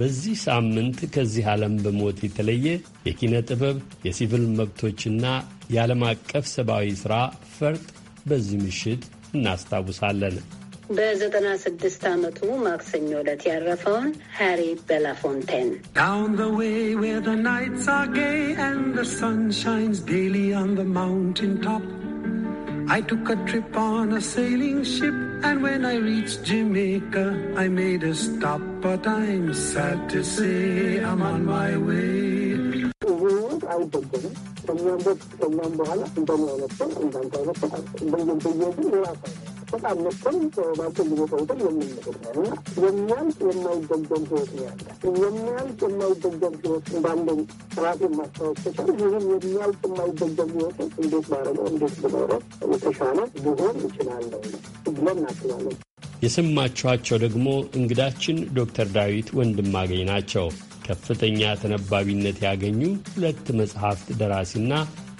በዚህ ሳምንት ከዚህ ዓለም በሞት የተለየ የኪነ ጥበብ የሲቪል መብቶችና የዓለም አቀፍ ሰብአዊ ሥራ ፈርጥ በዚህ ምሽት እናስታውሳለን። በዘጠና ስድስት ዓመቱ ማክሰኞ ዕለት ያረፈውን ሃሪ ቤላፎንቴን ዳውን I took a trip on a sailing ship, and when I reached Jamaica, I made a stop, but I'm sad to say I'm on my way. በጣም መጥተን ማልፈልጎ ሰውትን የምንገኛል እና የሚያልቅ የማይደገም ህይወት ነው ያለ የሚያልቅ የማይደገም ህይወት እንዳለን ራሴን ማስታወስ ተቻል። ይህም የሚያልቅ የማይደገም ህይወት እንዴት ባረገው እንዴት ብኖረ የተሻለ ሊሆን ይችላለሁ ብለን እናስባለን። የሰማችኋቸው ደግሞ እንግዳችን ዶክተር ዳዊት ወንድማገኝ ናቸው። ከፍተኛ ተነባቢነት ያገኙ ሁለት መጽሐፍት ደራሲና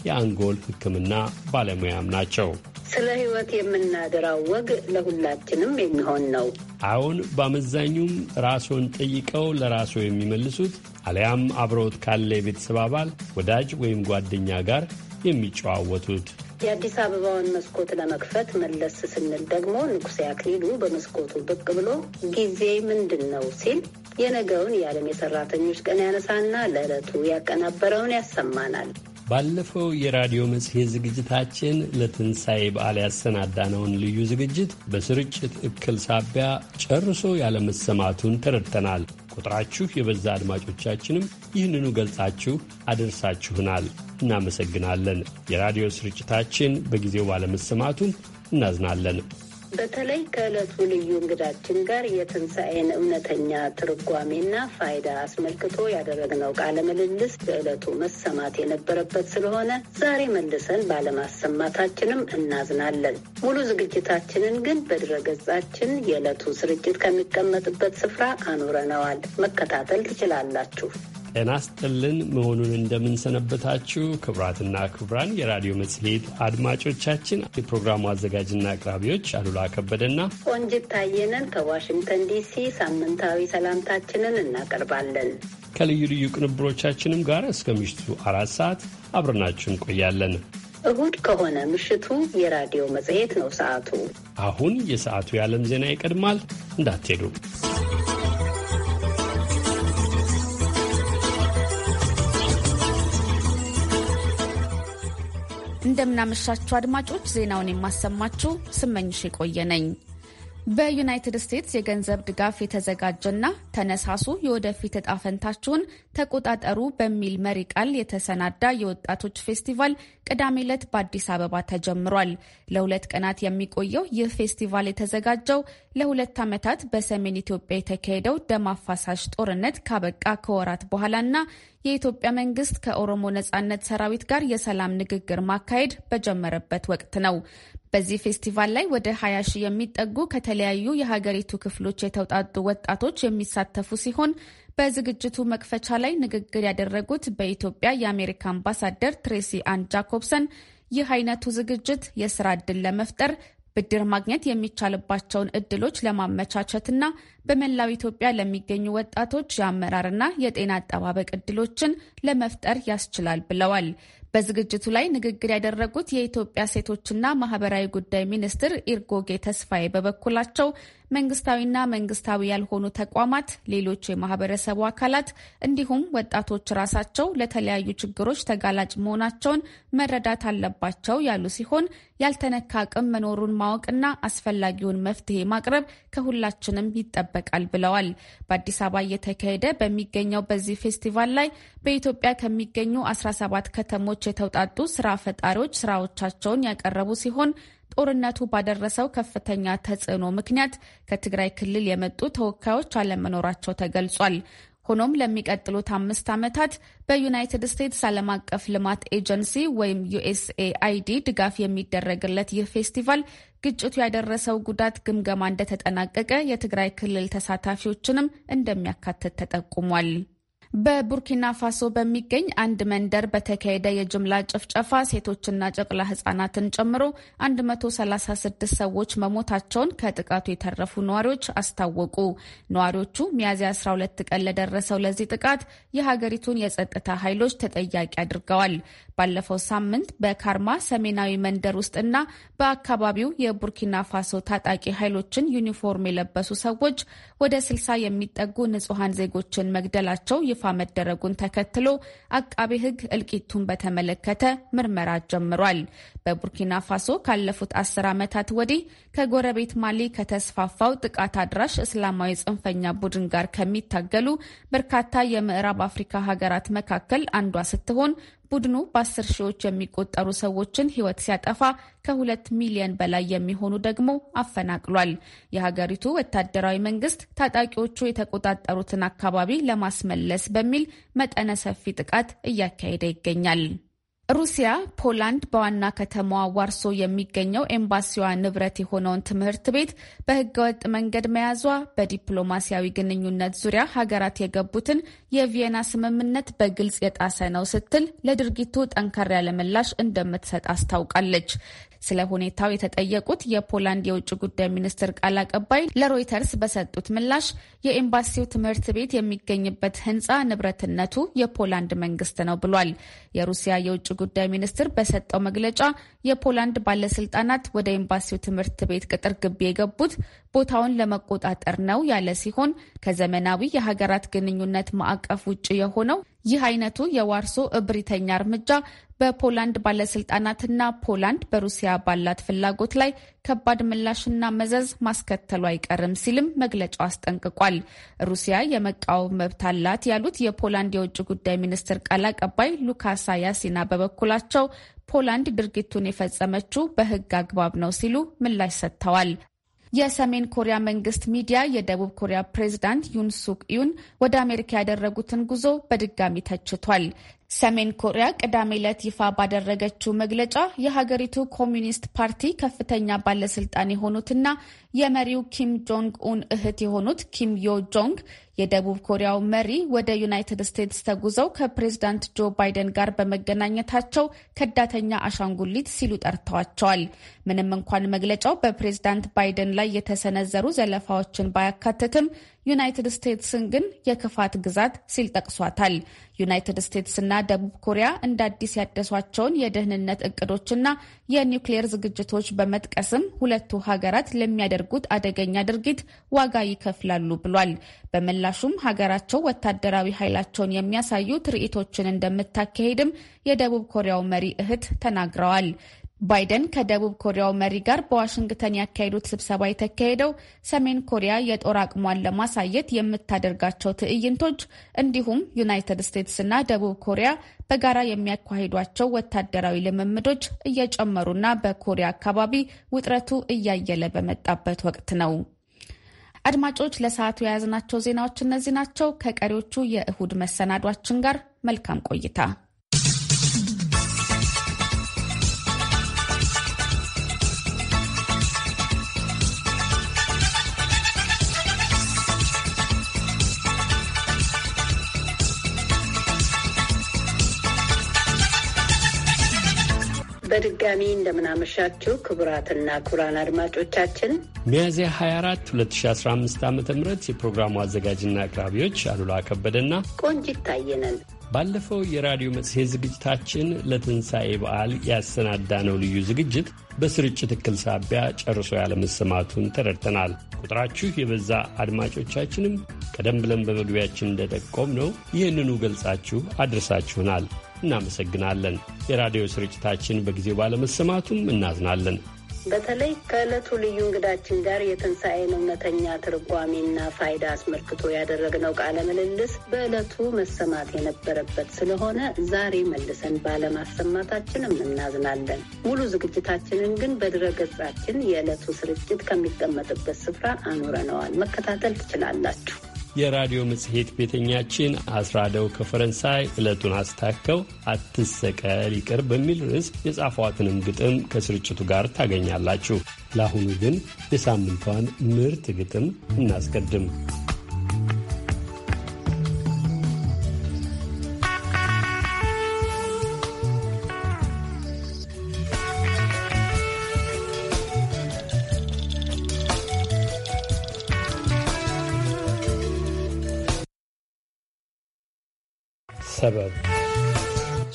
የአንጎል ሕክምና ባለሙያም ናቸው። ስለ ህይወት የምናደራው ወግ ለሁላችንም የሚሆን ነው። አሁን በአመዛኙም ራስዎን ጠይቀው ለራስዎ የሚመልሱት አሊያም አብረውት ካለ የቤተሰብ አባል ወዳጅ ወይም ጓደኛ ጋር የሚጨዋወቱት የአዲስ አበባውን መስኮት ለመክፈት መለስ ስንል ደግሞ ንጉሴ አክሊሉ በመስኮቱ ብቅ ብሎ ጊዜ ምንድን ነው ሲል የነገውን የዓለም የሰራተኞች ቀን ያነሳና ለዕለቱ ያቀናበረውን ያሰማናል። ባለፈው የራዲዮ መጽሔት ዝግጅታችን ለትንሣኤ በዓል ያሰናዳነውን ልዩ ዝግጅት በስርጭት እክል ሳቢያ ጨርሶ ያለመሰማቱን ተረድተናል። ቁጥራችሁ የበዛ አድማጮቻችንም ይህንኑ ገልጻችሁ አደርሳችሁናል። እናመሰግናለን። የራዲዮ ስርጭታችን በጊዜው ባለመሰማቱም እናዝናለን። በተለይ ከዕለቱ ልዩ እንግዳችን ጋር የትንሣኤን እውነተኛ ትርጓሜና ፋይዳ አስመልክቶ ያደረግነው ቃለ ምልልስ በዕለቱ መሰማት የነበረበት ስለሆነ ዛሬ መልሰን ባለማሰማታችንም እናዝናለን። ሙሉ ዝግጅታችንን ግን በድረገጻችን የዕለቱ ስርጭት ከሚቀመጥበት ስፍራ አኑረነዋል። መከታተል ትችላላችሁ። ጤና ስጥልን መሆኑን እንደምንሰነበታችሁ ክብራትና ክብራን የራዲዮ መጽሔት አድማጮቻችን፣ የፕሮግራሙ አዘጋጅና አቅራቢዎች አሉላ ከበደና ቆንጅት ታየነን ከዋሽንግተን ዲሲ ሳምንታዊ ሰላምታችንን እናቀርባለን። ከልዩ ልዩ ቅንብሮቻችንም ጋር እስከ ምሽቱ አራት ሰዓት አብረናችሁ እንቆያለን። እሁድ ከሆነ ምሽቱ የራዲዮ መጽሔት ነው ሰዓቱ። አሁን የሰዓቱ የዓለም ዜና ይቀድማል፣ እንዳትሄዱ። እንደምናመሻችሁ አድማጮች፣ ዜናውን የማሰማችሁ ስመኝሽ የቆየ ነኝ። በዩናይትድ ስቴትስ የገንዘብ ድጋፍ የተዘጋጀና ተነሳሱ የወደፊት እጣ ፈንታችሁን ተቆጣጠሩ በሚል መሪ ቃል የተሰናዳ የወጣቶች ፌስቲቫል ቅዳሜ ዕለት በአዲስ አበባ ተጀምሯል። ለሁለት ቀናት የሚቆየው ይህ ፌስቲቫል የተዘጋጀው ለሁለት ዓመታት በሰሜን ኢትዮጵያ የተካሄደው ደም አፋሳሽ ጦርነት ካበቃ ከወራት በኋላና የኢትዮጵያ መንግስት ከኦሮሞ ነጻነት ሰራዊት ጋር የሰላም ንግግር ማካሄድ በጀመረበት ወቅት ነው። በዚህ ፌስቲቫል ላይ ወደ 20 ሺህ የሚጠጉ ከተለያዩ የሀገሪቱ ክፍሎች የተውጣጡ ወጣቶች የሚሳተፉ ሲሆን በዝግጅቱ መክፈቻ ላይ ንግግር ያደረጉት በኢትዮጵያ የአሜሪካ አምባሳደር ትሬሲ አን ጃኮብሰን ይህ አይነቱ ዝግጅት የስራ እድል ለመፍጠር ብድር ማግኘት የሚቻልባቸውን እድሎች ለማመቻቸትና በመላው ኢትዮጵያ ለሚገኙ ወጣቶች የአመራርና የጤና አጠባበቅ እድሎችን ለመፍጠር ያስችላል ብለዋል። በዝግጅቱ ላይ ንግግር ያደረጉት የኢትዮጵያ ሴቶችና ማህበራዊ ጉዳይ ሚኒስትር ኢርጎጌ ተስፋዬ በበኩላቸው መንግስታዊና መንግስታዊ ያልሆኑ ተቋማት፣ ሌሎች የማህበረሰቡ አካላት እንዲሁም ወጣቶች ራሳቸው ለተለያዩ ችግሮች ተጋላጭ መሆናቸውን መረዳት አለባቸው ያሉ ሲሆን ያልተነካ አቅም መኖሩን ማወቅና አስፈላጊውን መፍትሄ ማቅረብ ከሁላችንም ይጠበቃል ብለዋል። በአዲስ አበባ እየተካሄደ በሚገኘው በዚህ ፌስቲቫል ላይ በኢትዮጵያ ከሚገኙ 17 ከተሞች የተውጣጡ ስራ ፈጣሪዎች ስራዎቻቸውን ያቀረቡ ሲሆን ጦርነቱ ባደረሰው ከፍተኛ ተጽዕኖ ምክንያት ከትግራይ ክልል የመጡ ተወካዮች አለመኖራቸው ተገልጿል። ሆኖም ለሚቀጥሉት አምስት ዓመታት በዩናይትድ ስቴትስ ዓለም አቀፍ ልማት ኤጀንሲ ወይም ዩኤስኤአይዲ ድጋፍ የሚደረግለት ይህ ፌስቲቫል ግጭቱ ያደረሰው ጉዳት ግምገማ እንደተጠናቀቀ የትግራይ ክልል ተሳታፊዎችንም እንደሚያካትት ተጠቁሟል። በቡርኪና ፋሶ በሚገኝ አንድ መንደር በተካሄደ የጅምላ ጭፍጨፋ ሴቶችና ጨቅላ ህጻናትን ጨምሮ 136 ሰዎች መሞታቸውን ከጥቃቱ የተረፉ ነዋሪዎች አስታወቁ። ነዋሪዎቹ ሚያዝያ 12 ቀን ለደረሰው ለዚህ ጥቃት የሀገሪቱን የጸጥታ ኃይሎች ተጠያቂ አድርገዋል። ባለፈው ሳምንት በካርማ ሰሜናዊ መንደር ውስጥና በአካባቢው የቡርኪና ፋሶ ታጣቂ ኃይሎችን ዩኒፎርም የለበሱ ሰዎች ወደ 60 የሚጠጉ ንጹሐን ዜጎችን መግደላቸው ይፋ መደረጉን ተከትሎ አቃቤ ሕግ እልቂቱን በተመለከተ ምርመራ ጀምሯል። በቡርኪና ፋሶ ካለፉት አስር ዓመታት ወዲህ ከጎረቤት ማሊ ከተስፋፋው ጥቃት አድራሽ እስላማዊ ጽንፈኛ ቡድን ጋር ከሚታገሉ በርካታ የምዕራብ አፍሪካ ሀገራት መካከል አንዷ ስትሆን ቡድኑ በአስር ሺዎች የሚቆጠሩ ሰዎችን ሕይወት ሲያጠፋ ከሁለት ሚሊየን በላይ የሚሆኑ ደግሞ አፈናቅሏል። የሀገሪቱ ወታደራዊ መንግስት ታጣቂዎቹ የተቆጣጠሩትን አካባቢ ለማስመለስ በሚል መጠነ ሰፊ ጥቃት እያካሄደ ይገኛል። ሩሲያ ፖላንድ በዋና ከተማዋ ዋርሶ የሚገኘው ኤምባሲዋ ንብረት የሆነውን ትምህርት ቤት በህገወጥ መንገድ መያዟ በዲፕሎማሲያዊ ግንኙነት ዙሪያ ሀገራት የገቡትን የቪየና ስምምነት በግልጽ የጣሰ ነው ስትል ለድርጊቱ ጠንከር ያለ ምላሽ እንደምትሰጥ አስታውቃለች። ስለ ሁኔታው የተጠየቁት የፖላንድ የውጭ ጉዳይ ሚኒስትር ቃል አቀባይ ለሮይተርስ በሰጡት ምላሽ የኤምባሲው ትምህርት ቤት የሚገኝበት ሕንፃ ንብረትነቱ የፖላንድ መንግስት ነው ብሏል። የሩሲያ የውጭ ጉዳይ ሚኒስትር በሰጠው መግለጫ የፖላንድ ባለስልጣናት ወደ ኤምባሲው ትምህርት ቤት ቅጥር ግቢ የገቡት ቦታውን ለመቆጣጠር ነው ያለ ሲሆን ከዘመናዊ የሀገራት ግንኙነት ማዕቀፍ ውጭ የሆነው ይህ አይነቱ የዋርሶ እብሪተኛ እርምጃ በፖላንድ ባለስልጣናትና ፖላንድ በሩሲያ ባላት ፍላጎት ላይ ከባድ ምላሽና መዘዝ ማስከተሉ አይቀርም ሲልም መግለጫው አስጠንቅቋል። ሩሲያ የመቃወም መብት አላት ያሉት የፖላንድ የውጭ ጉዳይ ሚኒስትር ቃል አቀባይ ሉካሳ ያሲና በበኩላቸው ፖላንድ ድርጊቱን የፈጸመችው በሕግ አግባብ ነው ሲሉ ምላሽ ሰጥተዋል። የሰሜን ኮሪያ መንግስት ሚዲያ የደቡብ ኮሪያ ፕሬዚዳንት ዩን ሱክ ዩን ወደ አሜሪካ ያደረጉትን ጉዞ በድጋሚ ተችቷል። ሰሜን ኮሪያ ቅዳሜ ዕለት ይፋ ባደረገችው መግለጫ የሀገሪቱ ኮሚኒስት ፓርቲ ከፍተኛ ባለስልጣን የሆኑትና የመሪው ኪም ጆንግ ኡን እህት የሆኑት ኪም ዮ ጆንግ የደቡብ ኮሪያው መሪ ወደ ዩናይትድ ስቴትስ ተጉዘው ከፕሬዝዳንት ጆ ባይደን ጋር በመገናኘታቸው ከዳተኛ አሻንጉሊት ሲሉ ጠርተዋቸዋል። ምንም እንኳን መግለጫው በፕሬዝዳንት ባይደን ላይ የተሰነዘሩ ዘለፋዎችን ባያካትትም ዩናይትድ ስቴትስን ግን የክፋት ግዛት ሲል ጠቅሷታል። ዩናይትድ ስቴትስና ደቡብ ኮሪያ እንደ አዲስ ያደሷቸውን የደህንነት እቅዶችና የኒውክሌር ዝግጅቶች በመጥቀስም ሁለቱ ሀገራት ለሚያደርጉት አደገኛ ድርጊት ዋጋ ይከፍላሉ ብሏል። በምላሹም ሀገራቸው ወታደራዊ ኃይላቸውን የሚያሳዩ ትርኢቶችን እንደምታካሄድም የደቡብ ኮሪያው መሪ እህት ተናግረዋል። ባይደን ከደቡብ ኮሪያው መሪ ጋር በዋሽንግተን ያካሄዱት ስብሰባ የተካሄደው ሰሜን ኮሪያ የጦር አቅሟን ለማሳየት የምታደርጋቸው ትዕይንቶች እንዲሁም ዩናይትድ ስቴትስና ደቡብ ኮሪያ በጋራ የሚያካሂዷቸው ወታደራዊ ልምምዶች እየጨመሩና በኮሪያ አካባቢ ውጥረቱ እያየለ በመጣበት ወቅት ነው። አድማጮች፣ ለሰዓቱ የያዝናቸው ዜናዎች እነዚህ ናቸው። ከቀሪዎቹ የእሁድ መሰናዷችን ጋር መልካም ቆይታ በድጋሚ እንደምናመሻችሁ ክቡራትና ክቡራን አድማጮቻችን ሚያዝያ 24 2015 ዓ ም የፕሮግራሙ አዘጋጅና አቅራቢዎች አሉላ ከበደና ቆንጅ ይታየነን። ባለፈው የራዲዮ መጽሔት ዝግጅታችን ለትንሣኤ በዓል ያሰናዳነው ልዩ ዝግጅት በስርጭት እክል ሳቢያ ጨርሶ ያለመሰማቱን ተረድተናል። ቁጥራችሁ የበዛ አድማጮቻችንም ቀደም ብለን በመግቢያችን እንደጠቆም ነው ይህንኑ ገልጻችሁ አድርሳችሁናል። እናመሰግናለን። የራዲዮ ስርጭታችን በጊዜው ባለመሰማቱም እናዝናለን። በተለይ ከዕለቱ ልዩ እንግዳችን ጋር የትንሣኤን እውነተኛ ትርጓሜና ፋይዳ አስመልክቶ ያደረግነው ቃለ ምልልስ በዕለቱ መሰማት የነበረበት ስለሆነ ዛሬ መልሰን ባለማሰማታችንም እናዝናለን። ሙሉ ዝግጅታችንን ግን በድረ ገጻችን የዕለቱ ስርጭት ከሚቀመጥበት ስፍራ አኑረነዋል። መከታተል ትችላላችሁ። የራዲዮ መጽሔት ቤተኛችን አስራደው ከፈረንሳይ ዕለቱን አስታከው አትሰቀል ይቅር በሚል ርዕስ የጻፏትንም ግጥም ከስርጭቱ ጋር ታገኛላችሁ። ለአሁኑ ግን የሳምንቷን ምርጥ ግጥም እናስቀድም። ሰበብ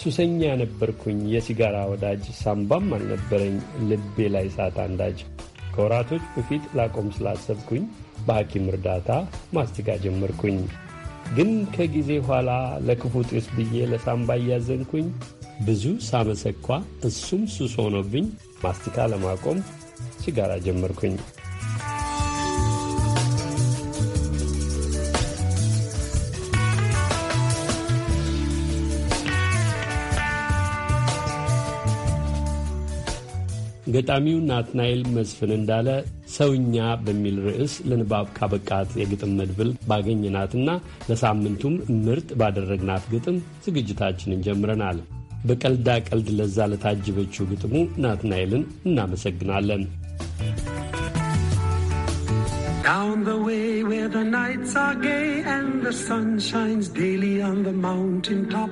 ሱሰኛ ነበርኩኝ፣ የሲጋራ ወዳጅ፣ ሳምባም አልነበረኝ ልቤ ላይ ሳት አንዳጅ። ከወራቶች በፊት ላቆም ስላሰብኩኝ በሐኪም እርዳታ ማስቲካ ጀመርኩኝ። ግን ከጊዜ ኋላ ለክፉ ጢስ ብዬ ለሳምባ እያዘንኩኝ ብዙ ሳመሰኳ እሱም ሱስ ሆኖብኝ ማስቲካ ለማቆም ሲጋራ ጀመርኩኝ። ገጣሚው ናትናኤል መስፍን እንዳለ ሰውኛ በሚል ርዕስ ለንባብ ካበቃት የግጥም መድብል ባገኘናትና ለሳምንቱም ምርጥ ባደረግናት ግጥም ዝግጅታችንን ጀምረናል። በቀልዳ ቀልድ ለዛ ለታጀበችው ግጥሙ ናትናኤልን እናመሰግናለን። Down the way where the nights are gay and the sun shines daily on the mountain top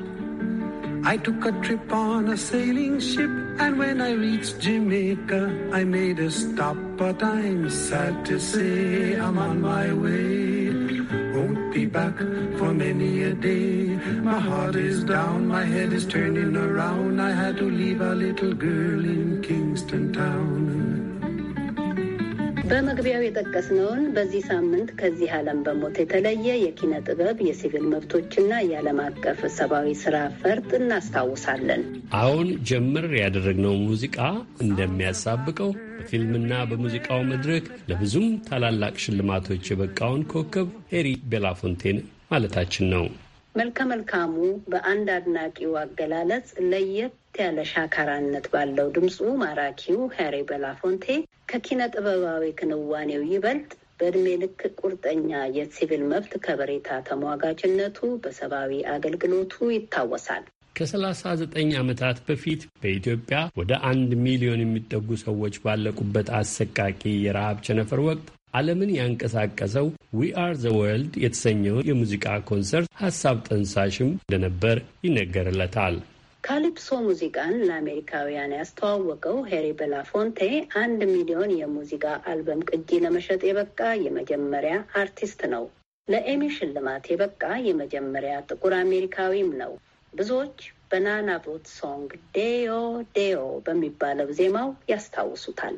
I took a trip on a sailing ship, and when I reached Jamaica, I made a stop. But I'm sad to say I'm on my way. Won't be back for many a day. My heart is down, my head is turning around. I had to leave a little girl in Kingston Town. በመግቢያው የጠቀስነውን በዚህ ሳምንት ከዚህ ዓለም በሞት የተለየ የኪነ ጥበብ የሲቪል መብቶችና የዓለም አቀፍ ሰብአዊ ስራ ፈርጥ እናስታውሳለን። አሁን ጀምር ያደረግነው ሙዚቃ እንደሚያሳብቀው በፊልምና በሙዚቃው መድረክ ለብዙም ታላላቅ ሽልማቶች የበቃውን ኮከብ ሄሪ ቤላፎንቴን ማለታችን ነው። መልከ መልካሙ በአንድ አድናቂው አገላለጽ ለየት ያለ ሻካራነት ባለው ድምፁ ማራኪው ሃሪ በላፎንቴ ከኪነ ጥበባዊ ክንዋኔው ይበልጥ በእድሜ ልክ ቁርጠኛ የሲቪል መብት ከበሬታ ተሟጋችነቱ በሰብአዊ አገልግሎቱ ይታወሳል። ዘጠኝ ዓመታት በፊት በኢትዮጵያ ወደ አንድ ሚሊዮን የሚጠጉ ሰዎች ባለቁበት አሰቃቂ የረሃብ ቸነፈር ወቅት ዓለምን ያንቀሳቀሰው ዊ አር ዘ ወርልድ የተሰኘውን የሙዚቃ ኮንሰርት ሀሳብ ጠንሳሽም እንደነበር ይነገርለታል። ካሊፕሶ ሙዚቃን ለአሜሪካውያን ያስተዋወቀው ሄሪ ቤላፎንቴ አንድ ሚሊዮን የሙዚቃ አልበም ቅጂ ለመሸጥ የበቃ የመጀመሪያ አርቲስት ነው። ለኤሚ ሽልማት የበቃ የመጀመሪያ ጥቁር አሜሪካዊም ነው። ብዙዎች በናና ቦት ሶንግ ዴዮ ዴዮ በሚባለው ዜማው ያስታውሱታል።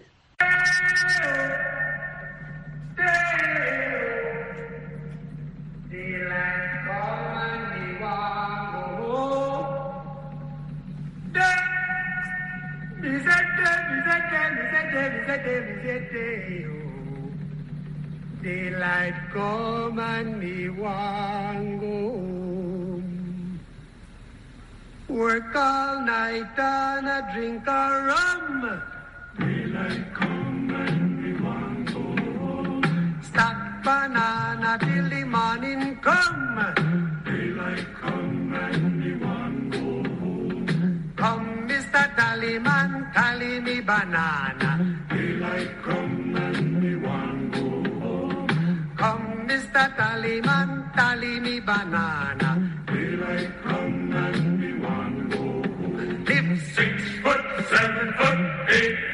Daylight come and me want go home. Work all night and a drink a rum. Daylight come and me want go home. Stack banana till the morning come. Daylight come and me want go home. Come, Mr. Tallyman, tally me banana. Mr. Tallyman, tally me banana. Daylight come and me one go home. Live six foot, seven foot, eight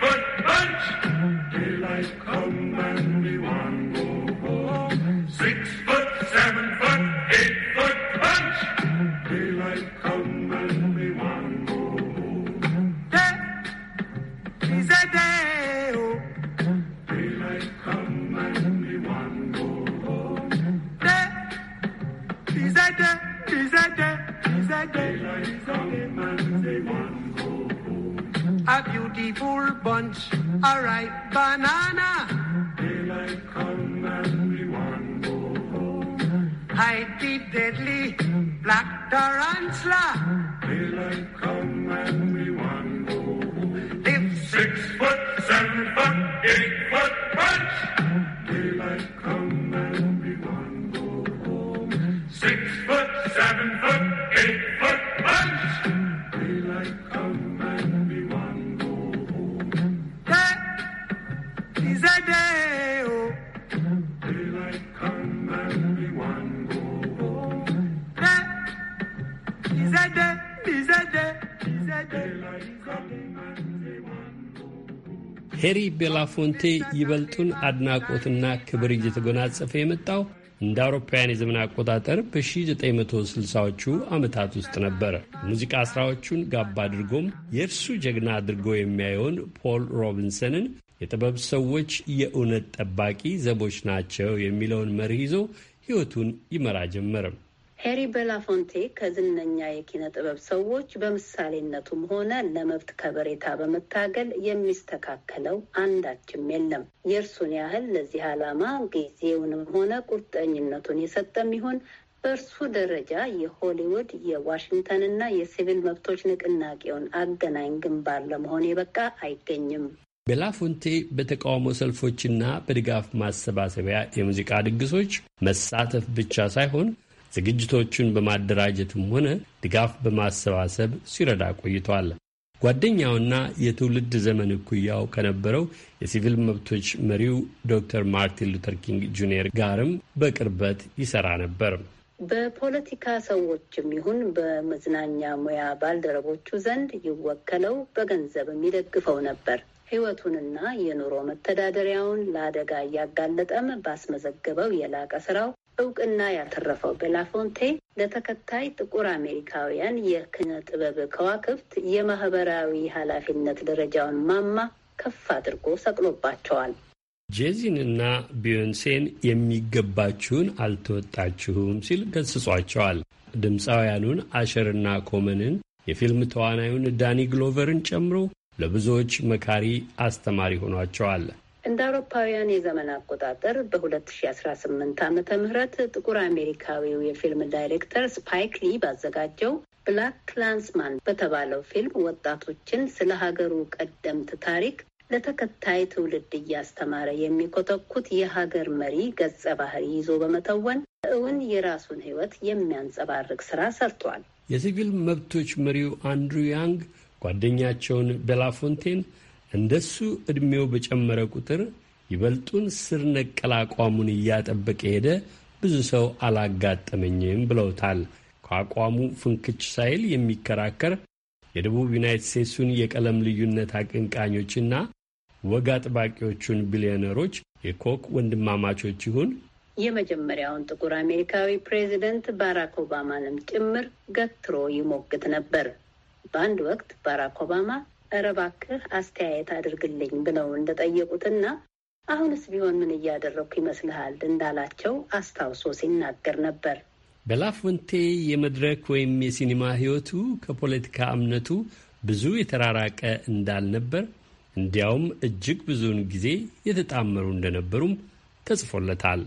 a beautiful bunch. a ripe banana. Daylight come and we want to go home. Hide the deadly black tarantula. Daylight come. ሜሪ ቤላፎንቴ ይበልጡን አድናቆትና ክብር እየተጎናጸፈ የመጣው እንደ አውሮፓውያን የዘመን አቆጣጠር በ1960ዎቹ ዓመታት ውስጥ ነበር። ሙዚቃ ሥራዎቹን ጋብ አድርጎም የእርሱ ጀግና አድርጎ የሚያየውን ፖል ሮቢንሰንን የጥበብ ሰዎች የእውነት ጠባቂ ዘቦች ናቸው የሚለውን መርህ ይዞ ሕይወቱን ይመራ ጀመርም። ሄሪ ቤላፎንቴ ከዝነኛ የኪነ ጥበብ ሰዎች በምሳሌነቱም ሆነ ለመብት ከበሬታ በመታገል የሚስተካከለው አንዳችም የለም። የእርሱን ያህል ለዚህ ዓላማ ጊዜውንም ሆነ ቁርጠኝነቱን የሰጠም ይሆን በእርሱ ደረጃ የሆሊውድ የዋሽንግተንና የሲቪል መብቶች ንቅናቄውን አገናኝ ግንባር ለመሆን የበቃ አይገኝም። ቤላፎንቴ በተቃውሞ ሰልፎችና በድጋፍ ማሰባሰቢያ የሙዚቃ ድግሶች መሳተፍ ብቻ ሳይሆን ዝግጅቶቹን በማደራጀትም ሆነ ድጋፍ በማሰባሰብ ሲረዳ ቆይቷል። ጓደኛውና የትውልድ ዘመን እኩያው ከነበረው የሲቪል መብቶች መሪው ዶክተር ማርቲን ሉተር ኪንግ ጁኒየር ጋርም በቅርበት ይሰራ ነበር። በፖለቲካ ሰዎችም ይሁን በመዝናኛ ሙያ ባልደረቦቹ ዘንድ ይወከለው፣ በገንዘብ የሚደግፈው ነበር። ሕይወቱንና የኑሮ መተዳደሪያውን ለአደጋ እያጋለጠም ባስመዘገበው የላቀ ስራው እውቅና ያተረፈው ቤላፎንቴ ለተከታይ ጥቁር አሜሪካውያን የኪነ ጥበብ ከዋክብት የማህበራዊ ኃላፊነት ደረጃውን ማማ ከፍ አድርጎ ሰቅሎባቸዋል። ጄዚንና ቢዮንሴን የሚገባችሁን አልተወጣችሁም ሲል ገስጿቸዋል። ድምፃውያኑን አሸርና ኮመንን የፊልም ተዋናዩን ዳኒ ግሎቨርን ጨምሮ ለብዙዎች መካሪ አስተማሪ ሆኗቸዋል። እንደ አውሮፓውያን የዘመን አቆጣጠር በ2018 ዓ ም ጥቁር አሜሪካዊው የፊልም ዳይሬክተር ስፓይክ ሊ ባዘጋጀው ብላክ ክላንስማን በተባለው ፊልም ወጣቶችን ስለ ሀገሩ ቀደምት ታሪክ ለተከታይ ትውልድ እያስተማረ የሚኮተኩት የሀገር መሪ ገጸ ባህሪ ይዞ በመተወን እውን የራሱን ሕይወት የሚያንጸባርቅ ስራ ሰርቷል። የሲቪል መብቶች መሪው አንድሩ ያንግ ጓደኛቸውን ቤላፎንቴን እንደሱ ዕድሜው በጨመረ ቁጥር ይበልጡን ስር ነቀል አቋሙን እያጠበቀ ሄደ ብዙ ሰው አላጋጠመኝም ብለውታል። ከአቋሙ ፍንክች ሳይል የሚከራከር የደቡብ ዩናይትድ ስቴትሱን የቀለም ልዩነት አቀንቃኞችና ወግ አጥባቂዎቹን ቢሊዮነሮች የኮክ ወንድማማቾች ይሁን የመጀመሪያውን ጥቁር አሜሪካዊ ፕሬዚደንት ባራክ ኦባማንም ጭምር ገትሮ ይሞግት ነበር። በአንድ ወቅት ባራክ ኦባማ እረ እባክህ አስተያየት አድርግልኝ ብለው እንደጠየቁትና አሁንስ ቢሆን ምን እያደረግኩ ይመስልሃል እንዳላቸው አስታውሶ ሲናገር ነበር። በላፎንቴ የመድረክ ወይም የሲኒማ ሕይወቱ ከፖለቲካ እምነቱ ብዙ የተራራቀ እንዳልነበር እንዲያውም እጅግ ብዙውን ጊዜ የተጣመሩ እንደነበሩም ተጽፎለታል።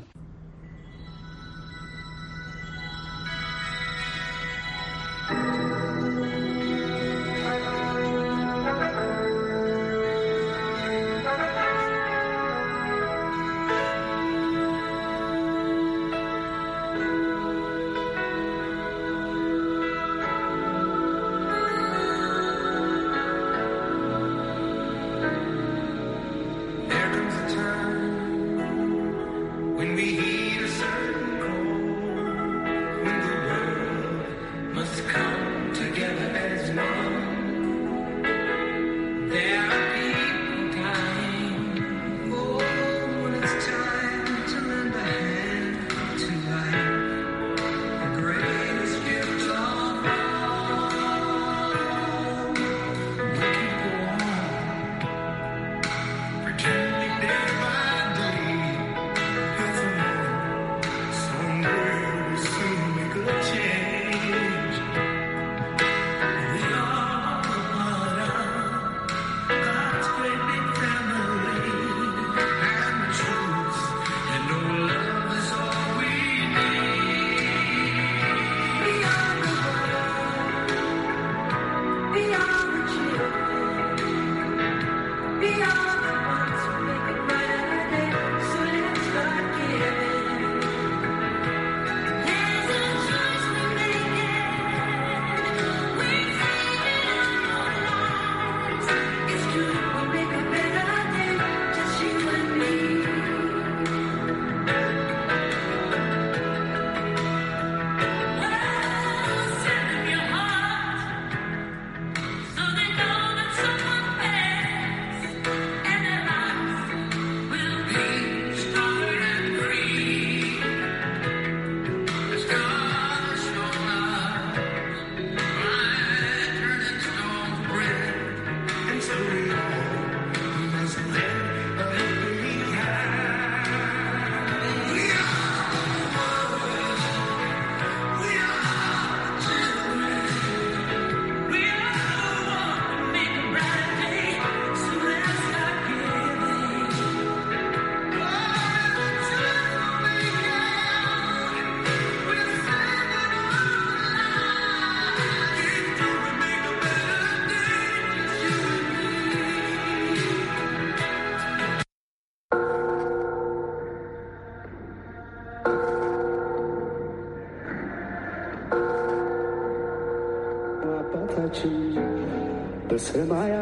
Am I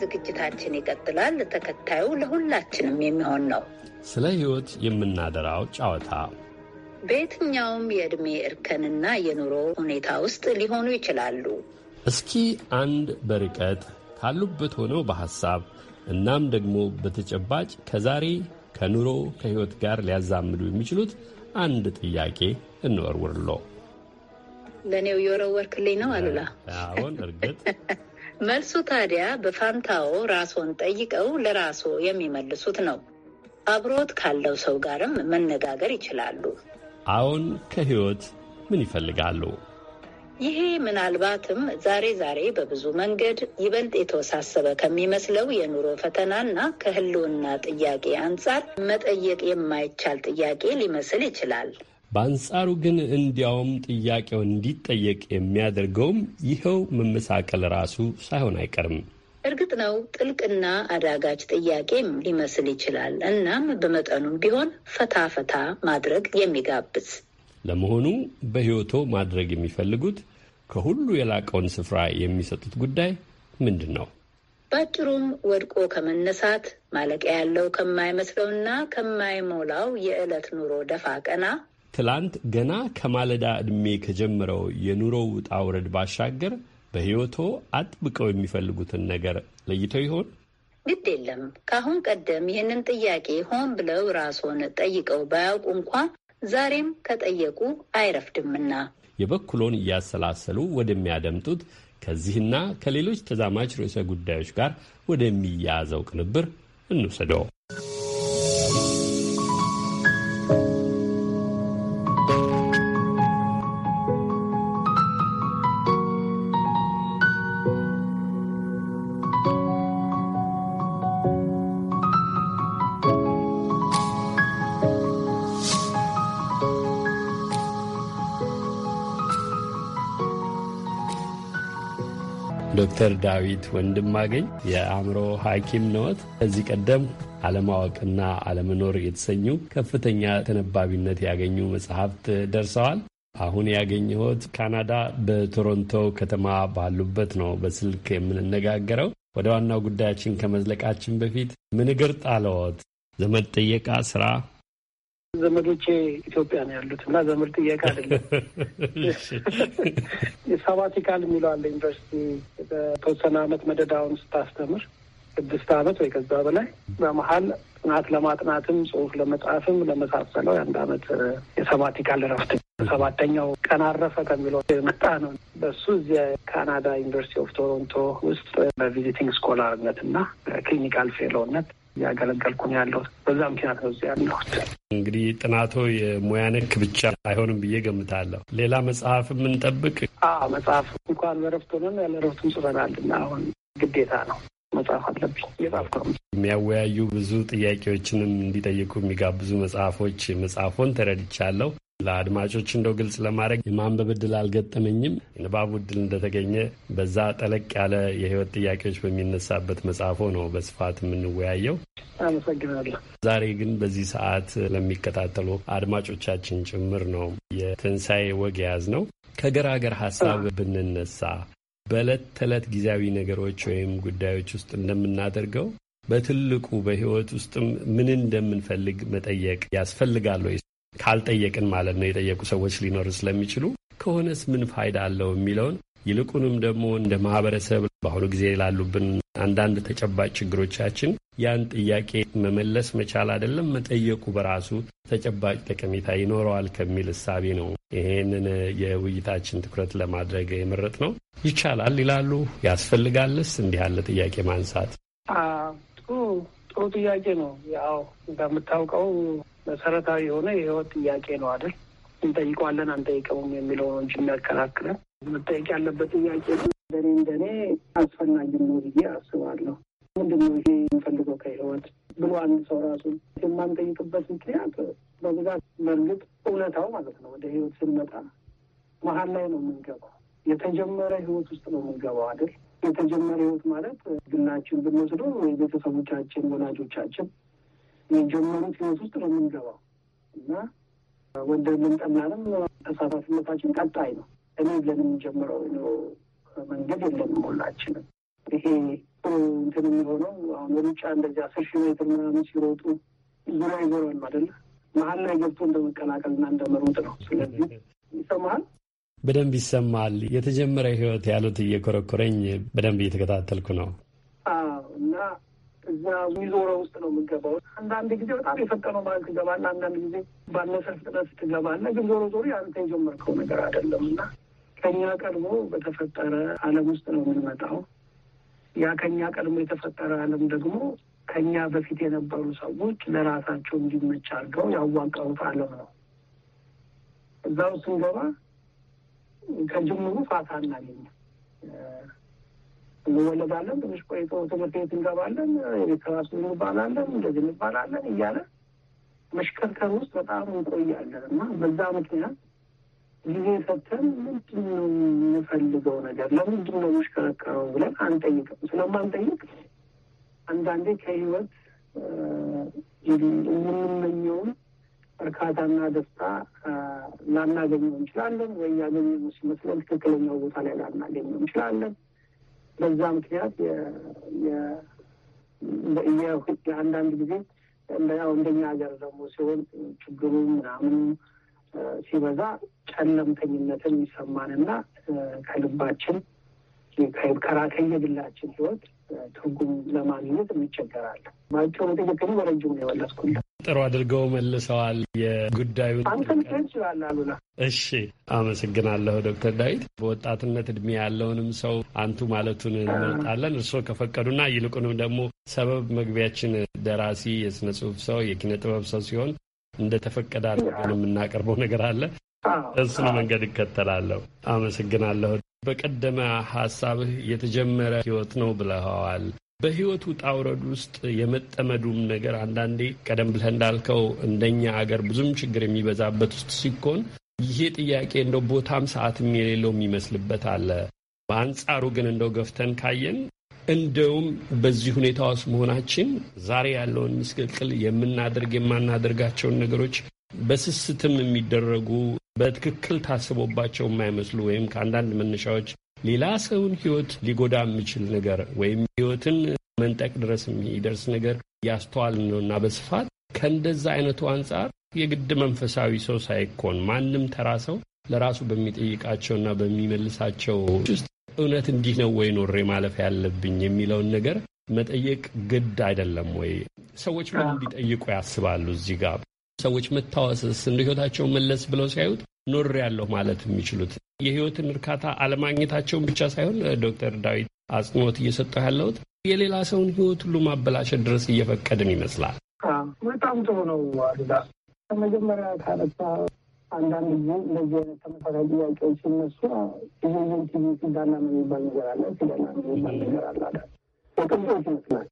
ዝግጅታችን ይቀጥላል። ተከታዩ ለሁላችንም የሚሆን ነው። ስለ ሕይወት የምናደራው ጨዋታ በየትኛውም የዕድሜ እርከንና የኑሮ ሁኔታ ውስጥ ሊሆኑ ይችላሉ። እስኪ አንድ በርቀት ካሉበት ሆነው በሐሳብ እናም ደግሞ በተጨባጭ ከዛሬ ከኑሮ ከሕይወት ጋር ሊያዛምዱ የሚችሉት አንድ ጥያቄ እንወርውርሎ። ለእኔው የወረወርክልኝ ነው አሉላ። አዎን እርግጥ መልሱ ታዲያ በፋንታዎ ራስዎን ጠይቀው ለራስዎ የሚመልሱት ነው። አብሮት ካለው ሰው ጋርም መነጋገር ይችላሉ። አሁን ከህይወት ምን ይፈልጋሉ? ይሄ ምናልባትም ዛሬ ዛሬ በብዙ መንገድ ይበልጥ የተወሳሰበ ከሚመስለው የኑሮ ፈተናና ከህልውና ጥያቄ አንጻር መጠየቅ የማይቻል ጥያቄ ሊመስል ይችላል። በአንጻሩ ግን እንዲያውም ጥያቄው እንዲጠየቅ የሚያደርገውም ይኸው መመሳቀል ራሱ ሳይሆን አይቀርም። እርግጥ ነው ጥልቅና አዳጋች ጥያቄም ሊመስል ይችላል። እናም በመጠኑም ቢሆን ፈታ ፈታ ማድረግ የሚጋብዝ ለመሆኑ በሕይወቶ ማድረግ የሚፈልጉት ከሁሉ የላቀውን ስፍራ የሚሰጡት ጉዳይ ምንድን ነው? በአጭሩም ወድቆ ከመነሳት ማለቂያ ያለው ከማይመስለውና ከማይሞላው የዕለት ኑሮ ደፋ ቀና ትላንት ገና ከማለዳ ዕድሜ ከጀመረው የኑሮ ውጣ ውረድ ባሻገር በሕይወቶ አጥብቀው የሚፈልጉትን ነገር ለይተው ይሆን? ግድ የለም። ከአሁን ቀደም ይህንን ጥያቄ ሆን ብለው ራስዎን ጠይቀው ባያውቁ እንኳ ዛሬም ከጠየቁ አይረፍድምና የበኩሎን እያሰላሰሉ ወደሚያደምጡት ከዚህና ከሌሎች ተዛማች ርዕሰ ጉዳዮች ጋር ወደሚያያዘው ቅንብር እንውሰደው። ዶክተር ዳዊት ወንድማገኝ የአእምሮ ሐኪም ነዎት። ከዚህ ቀደም አለማወቅና አለመኖር የተሰኙ ከፍተኛ ተነባቢነት ያገኙ መጽሐፍት ደርሰዋል። አሁን ያገኘሁት ካናዳ በቶሮንቶ ከተማ ባሉበት ነው በስልክ የምንነጋገረው። ወደ ዋናው ጉዳያችን ከመዝለቃችን በፊት ምን እግር ጣለዎት? ዘመድ ጥየቃ ስራ ዘመዶቼ ኢትዮጵያ ነው ያሉት እና ዘመድ ጥያቄ አይደለም። የሳባቲካል የሚለው አለ። ዩኒቨርሲቲ በተወሰነ አመት መደዳውን ስታስተምር ስድስት አመት ወይ ከዛ በላይ በመሀል ጥናት ለማጥናትም ጽሁፍ ለመጻፍም ለመሳሰለው የአንድ አመት የሰባቲካል እረፍት ሰባተኛው ቀን አረፈ ከሚለው የመጣ ነው። በሱ እዚያ ካናዳ ዩኒቨርሲቲ ኦፍ ቶሮንቶ ውስጥ በቪዚቲንግ ስኮላርነት እና ክሊኒካል ፌሎነት እያገለገልኩኝ ያለሁት በዛ ምክንያት ነው ያለሁት። እንግዲህ ጥናቶ የሙያ ነክ ብቻ አይሆንም ብዬ ገምታለሁ። ሌላ መጽሐፍ የምንጠብቅ መጽሐፍ እንኳን በረፍት ሆነን ያለ ረፍቱም ጽፈናል አሁን ግዴታ ነው መጽሐፍ ነው። የሚያወያዩ ብዙ ጥያቄዎችንም እንዲጠይቁ የሚጋብዙ መጽሐፎች መጽሐፎን ተረድቻለሁ። ለአድማጮች እንደው ግልጽ ለማድረግ የማንበብ እድል አልገጠመኝም። የንባቡ እድል እንደተገኘ በዛ ጠለቅ ያለ የህይወት ጥያቄዎች በሚነሳበት መጽሐፎ ነው በስፋት የምንወያየው። አመሰግናለሁ። ዛሬ ግን በዚህ ሰዓት ለሚከታተሉ አድማጮቻችን ጭምር ነው የትንሣኤ ወግ የያዝ ነው። ከገራገር ሀሳብ ብንነሳ በዕለት ተዕለት ጊዜያዊ ነገሮች ወይም ጉዳዮች ውስጥ እንደምናደርገው በትልቁ በህይወት ውስጥም ምን እንደምንፈልግ መጠየቅ ያስፈልጋል ወይ? ካልጠየቅን ማለት ነው የጠየቁ ሰዎች ሊኖሩ ስለሚችሉ ከሆነስ ምን ፋይዳ አለው የሚለውን ይልቁንም ደግሞ እንደ ማህበረሰብ በአሁኑ ጊዜ ላሉብን አንዳንድ ተጨባጭ ችግሮቻችን ያን ጥያቄ መመለስ መቻል አይደለም መጠየቁ በራሱ ተጨባጭ ጠቀሜታ ይኖረዋል ከሚል እሳቤ ነው ይሄንን የውይይታችን ትኩረት ለማድረግ የመረጥ ነው። ይቻላል ይላሉ። ያስፈልጋልስ እንዲህ ያለ ጥያቄ ማንሳት ጥሩ ጥሩ ጥያቄ ነው። ያው እንደምታውቀው መሰረታዊ የሆነ የህይወት ጥያቄ ነው አይደል? እንጠይቀዋለን አንጠይቀውም የሚለው ነው እንጂ የሚያከራክረን መጠየቅ ያለበት ጥያቄ ነው። እንደኔ እንደኔ አስፈላጊ ነው ብዬ አስባለሁ። ምንድን ነው ይሄ የምፈልገው ከህይወት ብሎ አንድ ሰው ራሱ የማንጠይቅበት ምክንያት በብዛት በእርግጥ እውነታው ማለት ነው ወደ ህይወት ስንመጣ መሀል ላይ ነው የምንገባው። የተጀመረ ህይወት ውስጥ ነው የምንገባው አይደል? የተጀመረ ህይወት ማለት ግላችን ብንወስደው ወይ ቤተሰቦቻችን፣ ወላጆቻችን የጀመሩት ህይወት ውስጥ ነው የምንገባው እና ወደድንም ጠላንም ተሳታፊነታችን ቀጣይ ነው። እኔ ብለን የምንጀምረው መንገድ የለንም ሁላችንም። ይሄ እንትን የሚሆነው አሁን ሩጫ እንደዚህ አስር ሺህ ሜትር ምናምን ሲሮጡ ዙሪያ ይዞራሉ አይደለ? መሀል ላይ ገብቶ እንደመቀላቀልና እንደመሮጥ ነው። ስለዚህ ይሰማል በደንብ ይሰማል። የተጀመረ ህይወት ያሉት እየኮረኮረኝ በደንብ እየተከታተልኩ ነው። እና እዛ ሚዞረ ውስጥ ነው የምገባው። አንዳንድ ጊዜ በጣም የፈጠነው ማለት ትገባለህ፣ አንዳንድ ጊዜ ባነሰ ፍጥነት ትገባለህ። ግን ዞሮ ዞሮ ያንተ የጀመርከው ነገር አይደለም እና ከኛ ቀድሞ በተፈጠረ ዓለም ውስጥ ነው የምንመጣው። ያ ከኛ ቀድሞ የተፈጠረ ዓለም ደግሞ ከኛ በፊት የነበሩ ሰዎች ለራሳቸው እንዲመች አድርገው ያዋቀሩት ዓለም ነው። እዛ ውስጥ ስንገባ ከጅምሩ ፋታ እናገኘ እንወለዳለን። ትንሽ ቆይቶ ትምህርት ቤት እንገባለን። የቤተሰባስ እንባላለን፣ እንደዚህ እንባላለን እያለ መሽከርከር ውስጥ በጣም እንቆያለን እና በዛ ምክንያት ጊዜ ሰጥተን ምንድን ነው የምንፈልገው ነገር ለምንድን ነው መሽከረከረው ብለን አንጠይቅም። ስለማንጠይቅ አንዳንዴ ከህይወት የምንመኘውን እርካታና ደስታ ላናገኘው እንችላለን፣ ወይ ያገኘ ሲመስለን ትክክለኛው ቦታ ላይ ላናገኘው እንችላለን። በዛ ምክንያት የአንዳንድ ጊዜ ያው እንደኛ ሀገር ደግሞ ሲሆን ችግሩ ምናምኑ ሲበዛ ጨለምተኝነትን ይሰማንና ከልባችን ከራከየግላችን ህይወት ትርጉም ለማግኘት እንቸገራለን። በአጭሩ ጥቅቅሉ በረጅሙ ነው የመለስኩልህ። ጥሩ አድርገው መልሰዋል። የጉዳዩን እሺ፣ አመሰግናለሁ ዶክተር ዳዊት። በወጣትነት እድሜ ያለውንም ሰው አንቱ ማለቱን እንመርጣለን እርስዎ ከፈቀዱና ይልቁንም ደግሞ ሰበብ መግቢያችን ደራሲ፣ የስነ ጽሁፍ ሰው፣ የኪነ ጥበብ ሰው ሲሆን እንደተፈቀደ አድርገን የምናቀርበው ነገር አለ። እሱን መንገድ እከተላለሁ። አመሰግናለሁ። በቀደመ ሀሳብህ የተጀመረ ህይወት ነው ብለኸዋል። በህይወት ውጣ ውረድ ውስጥ የመጠመዱም ነገር አንዳንዴ ቀደም ብለህ እንዳልከው እንደኛ አገር ብዙም ችግር የሚበዛበት ውስጥ ሲኮን ይሄ ጥያቄ እንደው ቦታም ሰዓትም የሌለው የሚመስልበት አለ። በአንጻሩ ግን እንደው ገፍተን ካየን እንደውም በዚህ ሁኔታ ውስጥ መሆናችን ዛሬ ያለውን ምስቅልቅል የምናደርግ የማናደርጋቸውን ነገሮች በስስትም የሚደረጉ በትክክል ታስቦባቸው የማይመስሉ ወይም ከአንዳንድ መነሻዎች ሌላ ሰውን ህይወት ሊጎዳ የሚችል ነገር ወይም ህይወትን መንጠቅ ድረስ የሚደርስ ነገር ያስተዋል ነው እና በስፋት ከእንደዛ አይነቱ አንጻር የግድ መንፈሳዊ ሰው ሳይኮን ማንም ተራ ሰው ለራሱ በሚጠይቃቸውና በሚመልሳቸው ውስጥ እውነት እንዲህ ነው ወይ ኖሬ ማለፍ ያለብኝ የሚለውን ነገር መጠየቅ ግድ አይደለም ወይ? ሰዎች ምን እንዲጠይቁ ያስባሉ? እዚህ ጋር ሰዎች መታወስስ እንደ ህይወታቸው መለስ ብለው ሲያዩት ኖር ያለሁ ማለት የሚችሉት የህይወትን እርካታ አለማግኘታቸውን ብቻ ሳይሆን ዶክተር ዳዊት አጽንኦት እየሰጠው ያለሁት የሌላ ሰውን ህይወት ሁሉ ማበላሸት ድረስ እየፈቀድን ይመስላል። በጣም ጥሩ ነው አሉላ። ከመጀመሪያ ካነሳ አንዳንድ ጊዜ እንደዚህ አይነት ተመሳሳይ ጥያቄዎች ሲነሱ ጊዜ ጊዜ ሲዳና የሚባል ነገር አለ ሲዳና የሚባል ነገር አለ። በቅጽበት ይመስላል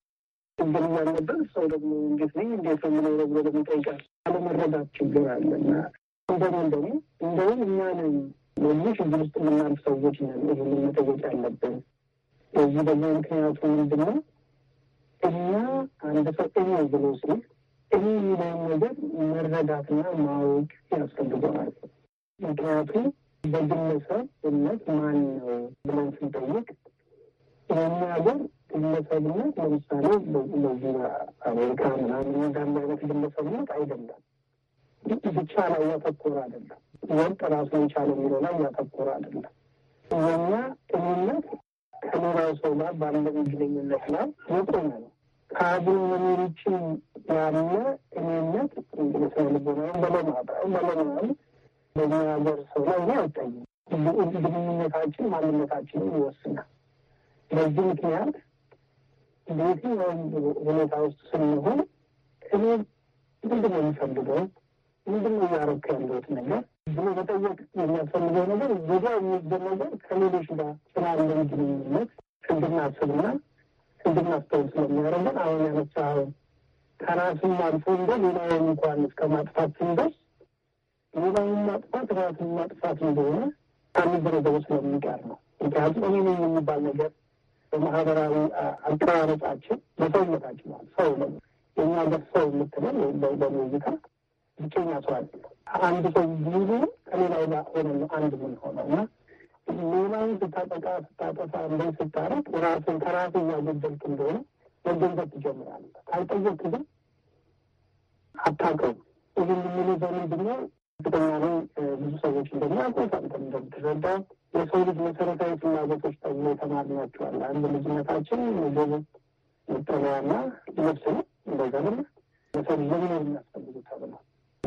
ችግርም አለበት። ሰው ደግሞ እንዴት ነኝ እንዴት ነው የምኖረው ብሎ ደግሞ ይጠይቃል። አለመረዳት ችግር አለ እና እንደውም ደግሞ እንደውም እኛ ነን ወይ ችግር ውስጥ የምናልፍ ሰዎች ነን። ይህን መጠየቅ ያለብን። በዚህ ደግሞ ምክንያቱ ምንድን ነው? እኛ አንድ ሰው እኔ ብሎ ሲል እኔ የሚለውን ነገር መረዳትና ማወቅ ያስፈልገዋል። ምክንያቱ በግለሰብ እምነት ማን ነው ብለን ስንጠይቅ የሚያገር ግለሰብነት ለምሳሌ እነዚህ አሜሪካ ምናምን እንዳለ አይነት ግለሰብነት አይደለም። ብቻ ላይ ያተኮረ አይደለም። ወጥ ራሱን የቻለ የሚለው ላይ ያተኮረ አይደለም። የኛ እኔነት ከሌላው ሰው ጋር ባለው ግንኙነት ላይ የቆመ ነው። ከአቡን የሚሪችን ያለ እኔነት ስለልቦናም በለማጣ በለማል በዚህ ሀገር ሰው ላይ እኔ አይጠይም። ግንኙነታችን ማንነታችንን ይወስናል። በዚህ ምክንያት በየትኛውም ሁኔታ ውስጥ ስንሆን እኔ ምንድን ነው የሚፈልገው ምንድን ነው እያረኩ ያለሁት ነገር ብሎ መጠየቅ የሚያስፈልገው ነገር ብዙ የሚደረገው ከሌሎች ጋር ስላለን ግንኙነት እንድናስብና እንድናስተውል ስለሚያደርገን አሁን ያነሳው ከራስም አልፎ እንደ ሌላውን እንኳን እስከ ማጥፋት ስንደርስ ሌላውን ማጥፋት ራስን ማጥፋት እንደሆነ አንድ ደረጃ ስለሚቀር ነው። ምክንያቱም እኔ ነኝ የሚባል ነገር በማህበራዊ አቀራረጫችን በሰውነታችን ሰው ነው። የእኛ ሀገር ሰው የምትለን ወይም በሙዚቃ ብቸኛ ሰው አለ አንድ ሰው ብዙ ከሌላው ጋር ሆነ አንድ ምን ሆነው እና ሌላውን ስታጠቃ፣ ስታጠፋ፣ እንደ ስታረቅ ራስን ከራስ እያጎደልክ እንደሆነ መገንዘብ ትጀምራለህ። ካልጠየቅ ግን አታውቀውም። ይህን የምንዘው ምንድነው እርግጠኛ ነኝ ብዙ ሰዎች እንደሚያውቁት አንተም እንደምትረዳው የሰው ልጅ መሰረታዊ ፍላጎቶች ተብሎ የተማርናቸዋል። አንድ ልጅነታችን ምግብ፣ መጠለያና ልብስ ነው። እንደገና የሰው ልጅ ለመኖር የሚያስፈልጉ ተብሎ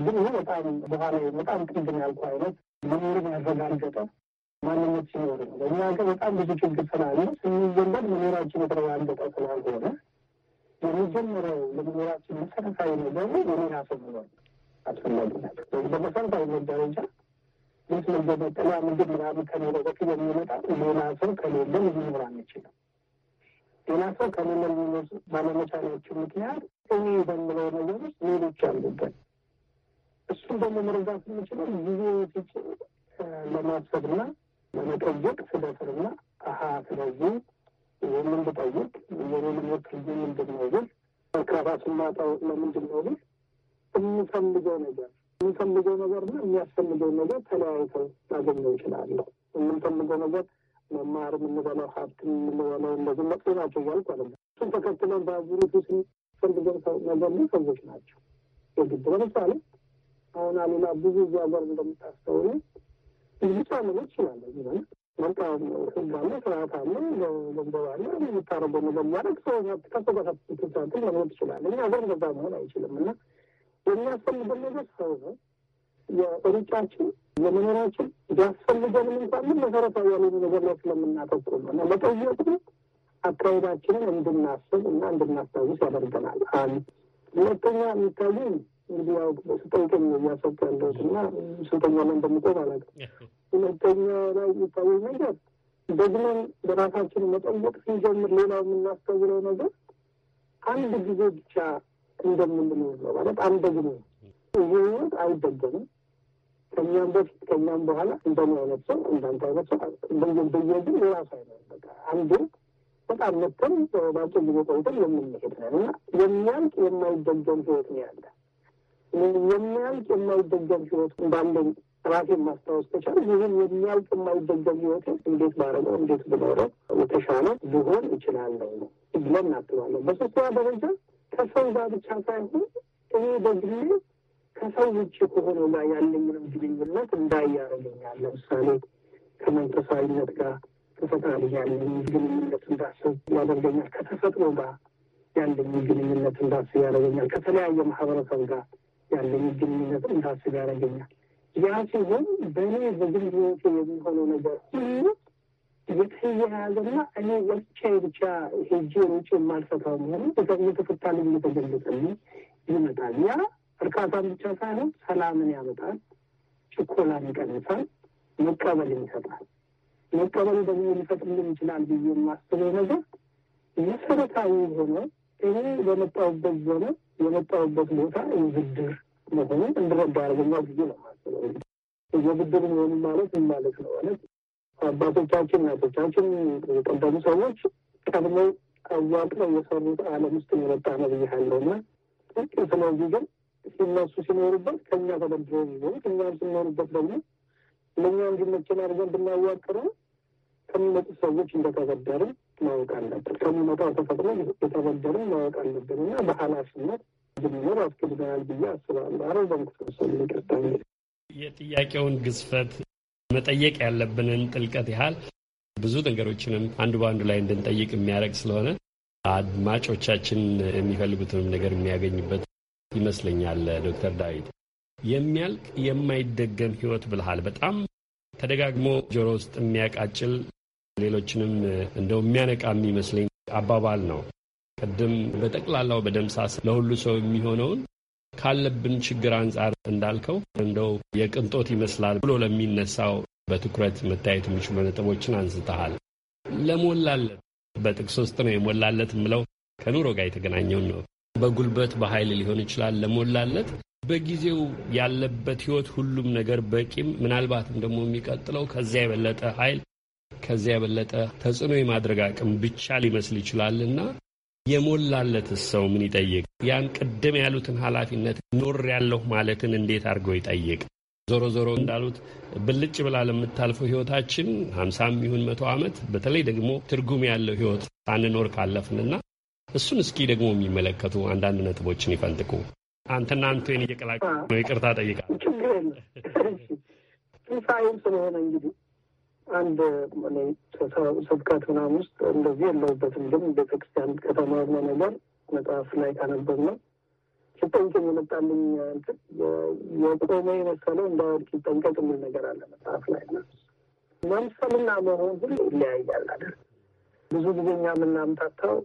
ግን ይህ በጣም በኋላ በጣም ቅድም ያልኩ አይነት መኖርን ያረጋገጠ ማንነት ሲኖር ነው። በእኛ ሀገር በጣም ብዙ ችግር ስላለ ስንዘንበድ መኖራችን የተረጋገጠ ስላልሆነ የመጀመሪያው ለመኖራችን መሰረታዊ ነገር የሌላ ሰው መኖር ነው። አስፈላጊ ናቸው። በመሰረታዊነት ደረጃ ቤት ምግብ፣ መጠለያ፣ ምግብ ምናምን ከሌለ በፊት የሚመጣ ሌላ ሰው ከሌለ ሊኖር አንችልም። ሌላ ሰው ከሌለ ሊኖር ባለመቻላቸው ምክንያት እኔ በምለው ነገር ውስጥ ሌሎች አሉበት። እሱም ደግሞ መረዳት የምችለው ጊዜ ወስጄ ለማሰብና ለመጠየቅ ስደፍርና አሀ ስለዚህ ይህንን ብጠይቅ የኔ ልሞክር ምንድን ነው ብል ከራሱ ማጣው ለምንድን ነው ብል የምፈልገው ነገር የምፈልገው ነገር እና የሚያስፈልገው ነገር ተለያይተው ላገኘው ይችላለሁ። የምንፈልገው ነገር መማር፣ የምንበላው ሀብት፣ የምንበላው እንደዚህ መጥፎ ናቸው እያልኩ አለ። እሱን ተከትለን በአዙሪቱ ስንፈልገው ነገር ነው ሰዎች ናቸው የግድ ለምሳሌ አሁን አሌላ ብዙ እዚህ ሀገር እንደምታስተውሉ ብዙ አመኖች ይችላለ ሆነ በቃ ህግ አለ፣ ስርዓት አለ፣ ገንዘብ አለ። የምታረገው ነገር ማድረግ ሰው ከሰው ጋር ትንሳትን ለመሆን ትችላለ። እኛ ሀገር እንደዛ መሆን አይችልም እና የሚያስፈልገን ነገር ሰው ነው። የእሩጫችን የመኖራችን ቢያስፈልገንም እንኳን መሰረታዊ ያልሆኑ ነገር ላይ ስለምናተኩር ነው መጠየቅ አካሄዳችንን እንድናስብ እና እንድናስታውስ ያደርገናል። አንድ ሁለተኛ የሚታየኝ እንግዲህ ያው ስጠይቀኝ እያሰብኩ ያለሁት እና ስንተኛ ላይ እንደምቆም አላውቅም። ሁለተኛ ላይ የሚታየኝ ነገር ደግመን በራሳችን መጠየቅ ሲጀምር ሌላው የምናስተውለው ነገር አንድ ጊዜ ብቻ እንደምንለው ነው ማለት አንደግም ይህት አይደገምም። ከኛም በፊት ከኛም በኋላ እንደኔ አይነት ሰው እንዳንተ አይነት ሰው በየ በየ ግን የራሱ አይነት በቃ አንዱ በጣም መተን በአጭር ጊዜ ቆይተን የምንሄድ ነን እና የሚያልቅ የማይደገም ህይወት ነው ያለ የሚያልቅ የማይደገም ህይወት እንዳለኝ ራሴን ማስታወስ ተቻለ። ይህን የሚያልቅ የማይደገም ህይወት እንዴት ባረገው እንዴት ብኖረው የተሻለ ሊሆን ይችላለሁ ነው ብለን እናስባለን። በሶስተኛ ደረጃ ከሰው ጋር ብቻ ሳይሆን እኔ በግሌ ከሰው ውጭ ከሆነው ጋር ያለኝንም ግንኙነት እንዳያረገኛል። ለምሳሌ ከመንፈሳዊነት ጋር ከፈጣሪ ያለኝ ግንኙነት እንዳስብ ያደርገኛል። ከተፈጥሮ ጋር ያለኝ ግንኙነት እንዳስብ ያደርገኛል። ከተለያየ ማህበረሰብ ጋር ያለኝ ግንኙነት እንዳስብ ያደርገኛል። ያ ሲሆን በእኔ በግል ሕይወቴ የሚሆነው ነገር ሁሉ የተያያዘና እኔ ወቼ ብቻ ሄጄ ውጭ የማልፈታው መሆኑ እየተፈታልኝ እየተገለጠልኝ ይመጣል። ያ እርካታን ብቻ ሳይሆን ሰላምን ያመጣል፣ ችኮላን ይቀንሳል፣ መቀበልን ይሰጣል። መቀበል ደግሞ ሊፈጥልን ይችላል ብዬ የማስበው ነገር መሰረታዊ የሆነ እኔ በመጣሁበት ዞነ የመጣሁበት ቦታ ብድር መሆኑን እንድረዳ ያደርገኛል ጊዜ ነው የማስበው። የብድር መሆኑ ማለት ማለት ነው ማለት አባቶቻችን እናቶቻችን የቀደሙ ሰዎች ቀድመው አዋቅረው የሰሩት ዓለም ውስጥ የመጣ ነው ብያለሁ እና ስለዚህ ግን እነሱ ሲኖሩበት ከኛ ተበድሮ ይዞት እኛም ስኖሩበት ደግሞ ለእኛ እንዲመችን አድርገን ብናዋቅረው ከሚመጡ ሰዎች እንደተበደርን ማወቅ አለብን። ከሚመጣው ተፈጥሮ የተበደሩ ማወቅ አለብን እና በኃላፊነት ብንኖር አስገድናል ብዬ አስባለሁ። አረ በምክሰሰ ይቅርታ የጥያቄውን ግዝፈት መጠየቅ ያለብንን ጥልቀት ያህል ብዙ ነገሮችንም አንዱ በአንዱ ላይ እንድንጠይቅ የሚያደርግ ስለሆነ አድማጮቻችን የሚፈልጉትንም ነገር የሚያገኙበት ይመስለኛል። ዶክተር ዳዊት የሚያልቅ የማይደገም ህይወት ብልሃል በጣም ተደጋግሞ ጆሮ ውስጥ የሚያቃጭል ሌሎችንም እንደው የሚያነቃ የሚመስለኝ አባባል ነው። ቅድም በጠቅላላው በደምሳስ ለሁሉ ሰው የሚሆነውን ካለብን ችግር አንጻር እንዳልከው እንደው የቅንጦት ይመስላል ብሎ ለሚነሳው በትኩረት መታየት የሚችሉ ነጥቦችን አንስተሃል። ለሞላለት በጥቅስ ውስጥ ነው የሞላለት የምለው ከኑሮ ጋር የተገናኘውን ነው። በጉልበት በኃይል ሊሆን ይችላል። ለሞላለት በጊዜው ያለበት ህይወት ሁሉም ነገር በቂም፣ ምናልባትም ደግሞ የሚቀጥለው ከዚያ የበለጠ ኃይል ከዚያ የበለጠ ተጽዕኖ የማድረግ አቅም ብቻ ሊመስል ይችላልና የሞላለትስ ሰው ምን ይጠይቅ? ያን ቅድም ያሉትን ኃላፊነት ኖር ያለሁ ማለትን እንዴት አድርገው ይጠይቅ? ዞሮ ዞሮ እንዳሉት ብልጭ ብላ ለምታልፈው ህይወታችን ሀምሳም ይሁን መቶ ዓመት በተለይ ደግሞ ትርጉም ያለው ህይወት ሳንኖር ካለፍንና እሱን እስኪ ደግሞ የሚመለከቱ አንዳንድ ነጥቦችን ይፈንጥቁ። አንተና አንቶን እየቀላቀሉ ይቅርታ ጠይቃል። ትንሣኤም ስለሆነ እንግዲህ አንድ ስብከት ምናምን ውስጥ እንደዚህ የለሁበትም፣ ግን ቤተክርስቲያን ከተማ ከተማርነ ነገር መጽሐፍ ላይ ካነበብ ነው ሲጠንቅ የመጣልኝ እንትን የቆመ የመሰለው እንዳወድቅ ይጠንቀቅ የሚል ነገር አለ መጽሐፍ ላይ እና መምሰልና መሆን ሁሉ ይለያያል አይደል? ብዙ ጊዜ እኛ የምናምታታው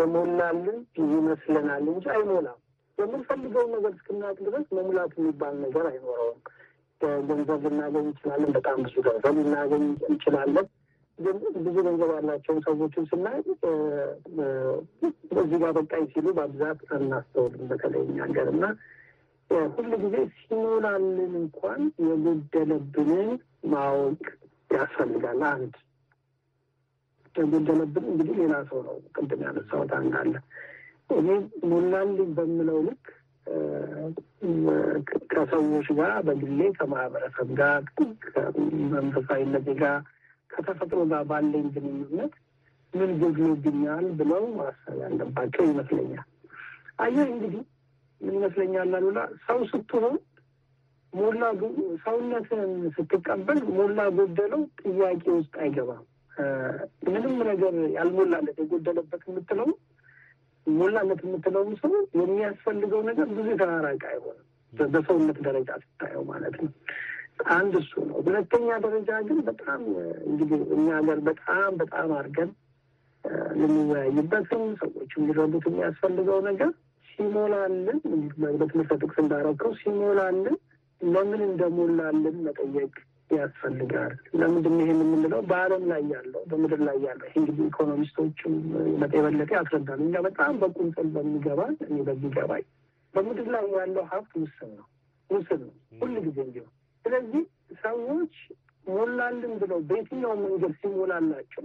የሞላልን ይመስለናል እንጂ አይሞላም። የምንፈልገውን ነገር እስክናቅ ድረስ መሙላት የሚባል ነገር አይኖረውም። ገንዘብ ልናገኝ እንችላለን። በጣም ብዙ ገንዘብ ልናገኝ እንችላለን። ግን ብዙ ገንዘብ ያላቸውን ሰዎችን ስናይ እዚህ ጋር በቃኝ ሲሉ በብዛት አናስተውልም። በተለይ እኛ ሀገር እና ሁሉ ጊዜ ሲኖላልን እንኳን የጎደለብንን ማወቅ ያስፈልጋል። አንድ የጎደለብን እንግዲህ ሌላ ሰው ነው ቅድም ያነሳሁት አንዳለ እኔ ሞላልኝ በምለው ልክ ከሰዎች ጋር በግሌ ከማህበረሰብ ጋር ከመንፈሳዊነት ጋር ከተፈጥሮ ጋር ባለኝ ግንኙነት ምን ጎድሎብኛል ብለው ማሰብ ያለባቸው ይመስለኛል። አየህ እንግዲህ ምን ይመስለኛል አሉላ ሰው ስትሆን ሞላ ሰውነትን ስትቀበል ሞላ ጎደለው ጥያቄ ውስጥ አይገባም። ምንም ነገር ያልሞላለት የጎደለበት የምትለው ሞላነት የምትለው ምስሉ የሚያስፈልገው ነገር ብዙ የተራራቀ አይሆንም፣ በሰውነት ደረጃ ስታየው ማለት ነው። አንድ እሱ ነው። ሁለተኛ ደረጃ ግን በጣም እንግዲህ እኛ ሀገር በጣም በጣም አድርገን ልንወያይበትም ሰዎች እንዲረዱት የሚያስፈልገው ነገር ሲሞላልን በትምህርት ጥቅስ እንዳረከው ሲሞላልን ለምን እንደሞላልን መጠየቅ ያስፈልጋል። ለምንድን ይሄን የምንለው? በዓለም ላይ ያለው በምድር ላይ ያለው ይህ እንግዲህ ኢኮኖሚስቶችም የበለጠ ያስረዳል። እኛ በጣም በቁንጽል በሚገባን እኔ በሚገባኝ በምድር ላይ ያለው ሀብት ውስን ነው፣ ውስን ነው ሁልጊዜ እንዲሆን። ስለዚህ ሰዎች ሞላልን ብለው በየትኛው መንገድ ሲሞላላቸው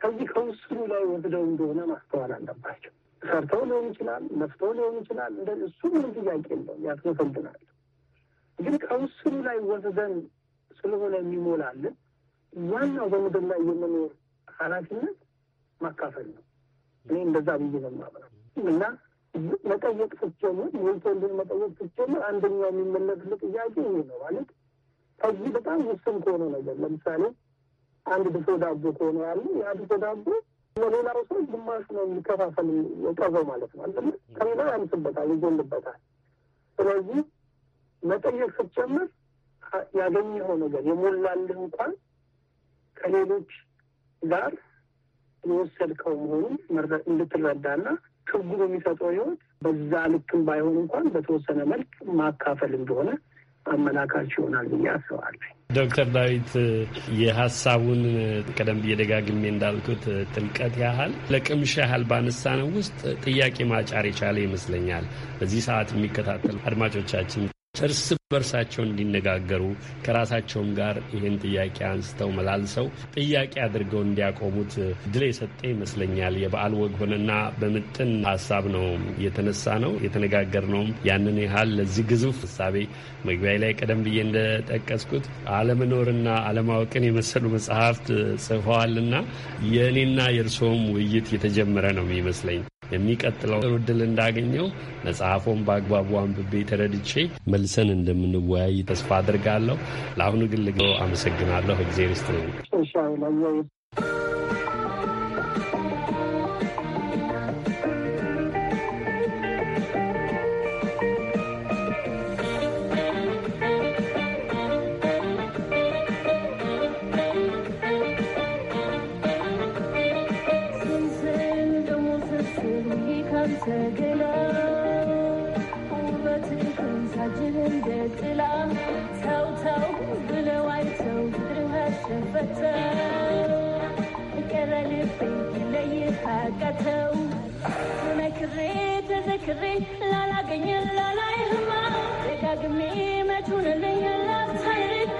ከዚህ ከውስኑ ላይ ወስደው እንደሆነ ማስተዋል አለባቸው። ሰርተው ሊሆን ይችላል፣ ለፍተው ሊሆን ይችላል። እሱ ምንም ጥያቄ የለውም፣ ያስመሰግናል። ግን ከውስኑ ላይ ወስደን ስለሆነ የሚሞላልን ዋናው በምድር ላይ የመኖር ኃላፊነት ማካፈል ነው። እኔ እንደዛ ብዬ ነው የማምነው እና መጠየቅ ስትጀምር ወንድን መጠየቅ ስትጀምር አንደኛው የሚመለስልህ ጥያቄ ይሄ ነው ማለት ከዚህ በጣም ውስን ከሆነ ነገር ለምሳሌ አንድ ድፎ ዳቦ ከሆነ ያለ ያ ድፎ ዳቦ ለሌላው ሰው ግማሽ ነው የሚከፋፈል የቀረው ማለት ነው። አለ ከሌላው ያንስበታል፣ ይጎልበታል። ስለዚህ መጠየቅ ስትጀምር ያገኘኸው ነገር የሞላልህ እንኳን ከሌሎች ጋር የወሰድከው መሆኑን እንድትረዳና ትርጉም የሚሰጠው ህይወት በዛ ልክም ባይሆን እንኳን በተወሰነ መልክ ማካፈል እንደሆነ አመላካች ይሆናል ብዬ አስባለሁ። ዶክተር ዳዊት የሀሳቡን ቀደም ብዬ ደጋግሜ እንዳልኩት ጥልቀት ያህል ለቅምሻ ያህል ባነሳነው ውስጥ ጥያቄ ማጫር የቻለ ይመስለኛል። በዚህ ሰዓት የሚከታተሉ አድማጮቻችን እርስ በርሳቸው እንዲነጋገሩ ከራሳቸውም ጋር ይህን ጥያቄ አንስተው መላልሰው ጥያቄ አድርገው እንዲያቆሙት ድል የሰጠ ይመስለኛል። የበዓል ወግ ሆነና በምጥን ሀሳብ ነው የተነሳ ነው የተነጋገር ነውም ያንን ያህል ለዚህ ግዙፍ እሳቤ መግቢያ ላይ ቀደም ብዬ እንደጠቀስኩት አለመኖርና አለማወቅን የመሰሉ መጽሐፍት ጽፈዋልና የእኔና የእርስዎም ውይይት የተጀመረ ነው የሚመስለኝ። የሚቀጥለው እድል እንዳገኘው መጽሐፎን በአግባቡ አንብቤ ተረድቼ መልሰን እንደምንወያይ ተስፋ አድርጋለሁ። ለአሁኑ ግን አመሰግናለሁ። እግዜር ይስጥልኝ። ላላገኘ ላላይህማ ደጋግሜ መቱንልኝ ላብታይቅ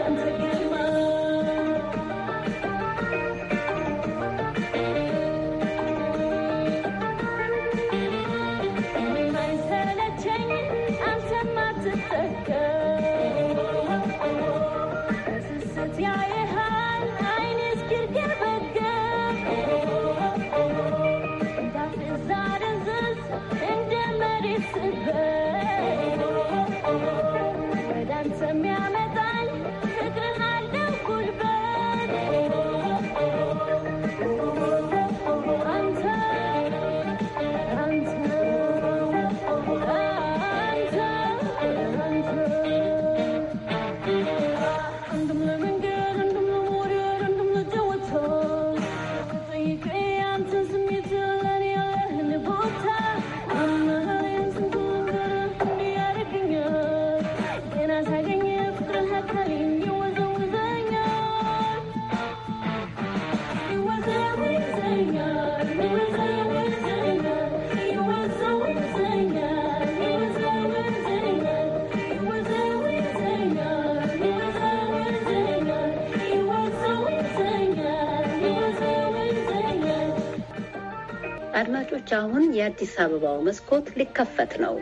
አሁን የአዲስ አበባው መስኮት ሊከፈት ነው።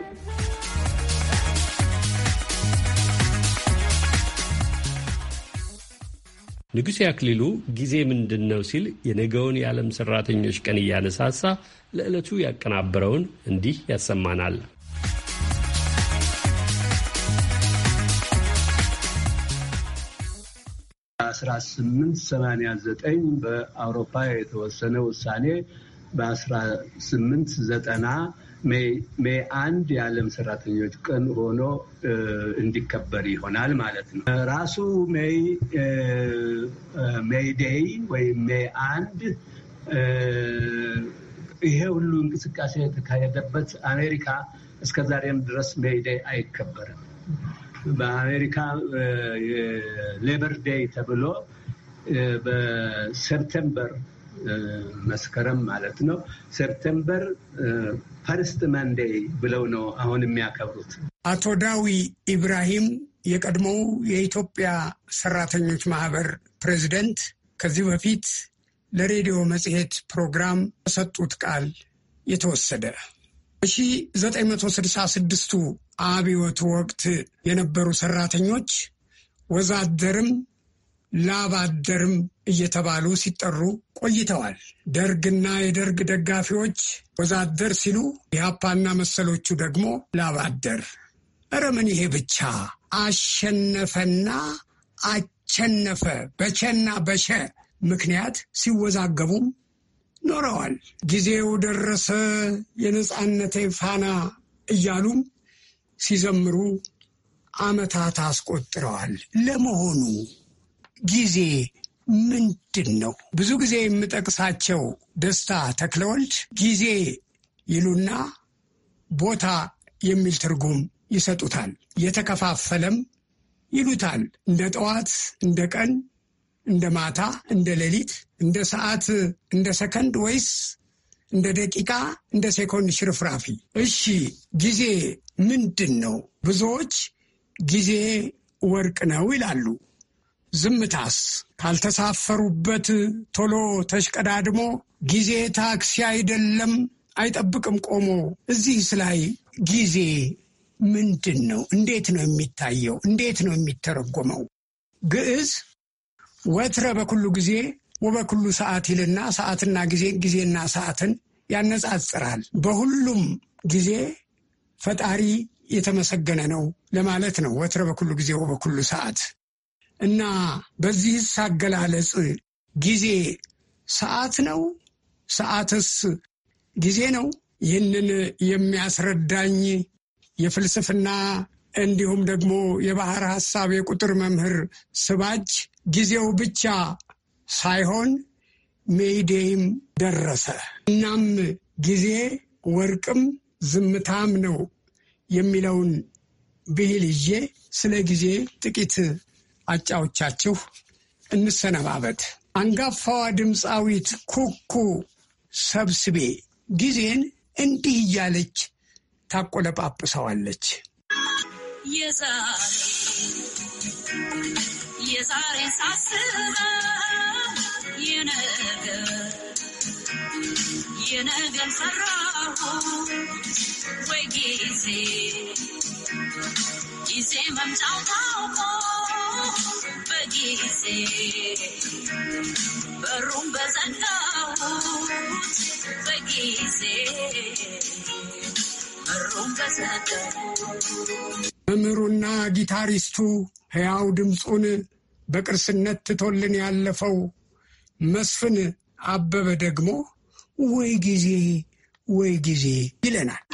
ንጉሴ አክሊሉ ጊዜ ምንድን ነው ሲል የነገውን የዓለም ሠራተኞች ቀን እያነሳሳ ለዕለቱ ያቀናበረውን እንዲህ ያሰማናል። አስራ ስምንት ሰማንያ ዘጠኝ በአውሮፓ የተወሰነ ውሳኔ በ1890 ሜይ አንድ የዓለም ሰራተኞች ቀን ሆኖ እንዲከበር ይሆናል ማለት ነው። ራሱ ሜይ ዴይ ወይም ሜይ አንድ ይሄ ሁሉ እንቅስቃሴ የተካሄደበት አሜሪካ እስከ ዛሬም ድረስ ሜይ ዴይ አይከበርም። በአሜሪካ ሌበር ዴይ ተብሎ በሴፕቴምበር መስከረም ማለት ነው። ሴፕቴምበር ፈርስት መንዴ ብለው ነው አሁን የሚያከብሩት። አቶ ዳዊ ኢብራሂም የቀድሞው የኢትዮጵያ ሰራተኞች ማህበር ፕሬዚደንት ከዚህ በፊት ለሬዲዮ መጽሔት ፕሮግራም በሰጡት ቃል የተወሰደ በ1966ቱ አብዮት ወቅት የነበሩ ሰራተኞች ወዛደርም ላባደርም እየተባሉ ሲጠሩ ቆይተዋል። ደርግና የደርግ ደጋፊዎች ወዛደር ሲሉ ኢህአፓና መሰሎቹ ደግሞ ላባደር። ኧረ ምን ይሄ ብቻ አሸነፈና አቸነፈ በቸና በሸ ምክንያት ሲወዛገቡም ኖረዋል። ጊዜው ደረሰ የነፃነቴ ፋና እያሉም ሲዘምሩ ዓመታት አስቆጥረዋል። ለመሆኑ ጊዜ ምንድን ነው? ብዙ ጊዜ የምጠቅሳቸው ደስታ ተክለወልድ ጊዜ ይሉና ቦታ የሚል ትርጉም ይሰጡታል። የተከፋፈለም ይሉታል። እንደ ጠዋት፣ እንደ ቀን፣ እንደ ማታ፣ እንደ ሌሊት፣ እንደ ሰዓት፣ እንደ ሰከንድ ወይስ እንደ ደቂቃ፣ እንደ ሴኮንድ ሽርፍራፊ? እሺ ጊዜ ምንድን ነው? ብዙዎች ጊዜ ወርቅ ነው ይላሉ። ዝምታስ ካልተሳፈሩበት ቶሎ ተሽቀዳድሞ ጊዜ ታክሲ አይደለም አይጠብቅም ቆሞ። እዚህስ ላይ ጊዜ ምንድን ነው? እንዴት ነው የሚታየው? እንዴት ነው የሚተረጎመው? ግዕዝ ወትረ በኩሉ ጊዜ ወበኩሉ ሰዓት ይልና ሰዓትና ጊዜ ጊዜና ሰዓትን ያነጻጽራል። በሁሉም ጊዜ ፈጣሪ የተመሰገነ ነው ለማለት ነው። ወትረ በኩሉ ጊዜ ወበኩሉ ሰዓት እና በዚህ አገላለጽ ጊዜ ሰዓት ነው? ሰዓትስ ጊዜ ነው? ይህንን የሚያስረዳኝ የፍልስፍና እንዲሁም ደግሞ የባህር ሐሳብ የቁጥር መምህር ስባጅ ጊዜው ብቻ ሳይሆን ሜይዴይም ደረሰ። እናም ጊዜ ወርቅም ዝምታም ነው የሚለውን ብሂል ይዤ ስለ ጊዜ ጥቂት አጫዎቻችሁ እንሰነባበት። አንጋፋዋ ድምፃዊት ኩኩ ሰብስቤ ጊዜን እንዲህ እያለች ታቆለጳጵሰዋለች። የዛሬ ሳስበ የነገ የነገን ሰራሁ ወይ ጊዜ ጊዜ መምጫው ታውቆ በጊዜ በጊዜ መምህሩና ጊታሪስቱ ሕያው ድምፁን በቅርስነት ትቶልን ያለፈው መስፍን አበበ ደግሞ ወይ ጊዜ ወይ ጊዜ ይለናል።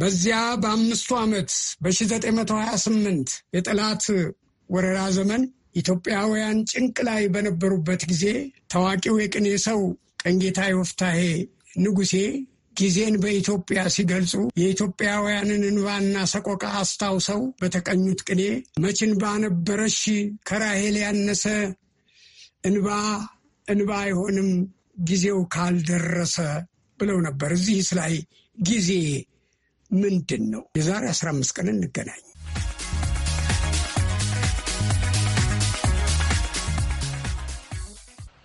በዚያ በአምስቱ ዓመት በ1928 የጠላት ወረራ ዘመን ኢትዮጵያውያን ጭንቅ ላይ በነበሩበት ጊዜ ታዋቂው የቅኔ ሰው ቀንጌታ ወፍታሄ ንጉሴ ጊዜን በኢትዮጵያ ሲገልጹ የኢትዮጵያውያንን እንባና ሰቆቃ አስታውሰው በተቀኙት ቅኔ መችን ባነበረሽ ከራሄል ያነሰ እንባ እንባ አይሆንም ጊዜው ካልደረሰ ብለው ነበር። እዚህ ላይ ጊዜ ምንድን ነው? የዛሬ አስራ አምስት ቀን እንገናኝ።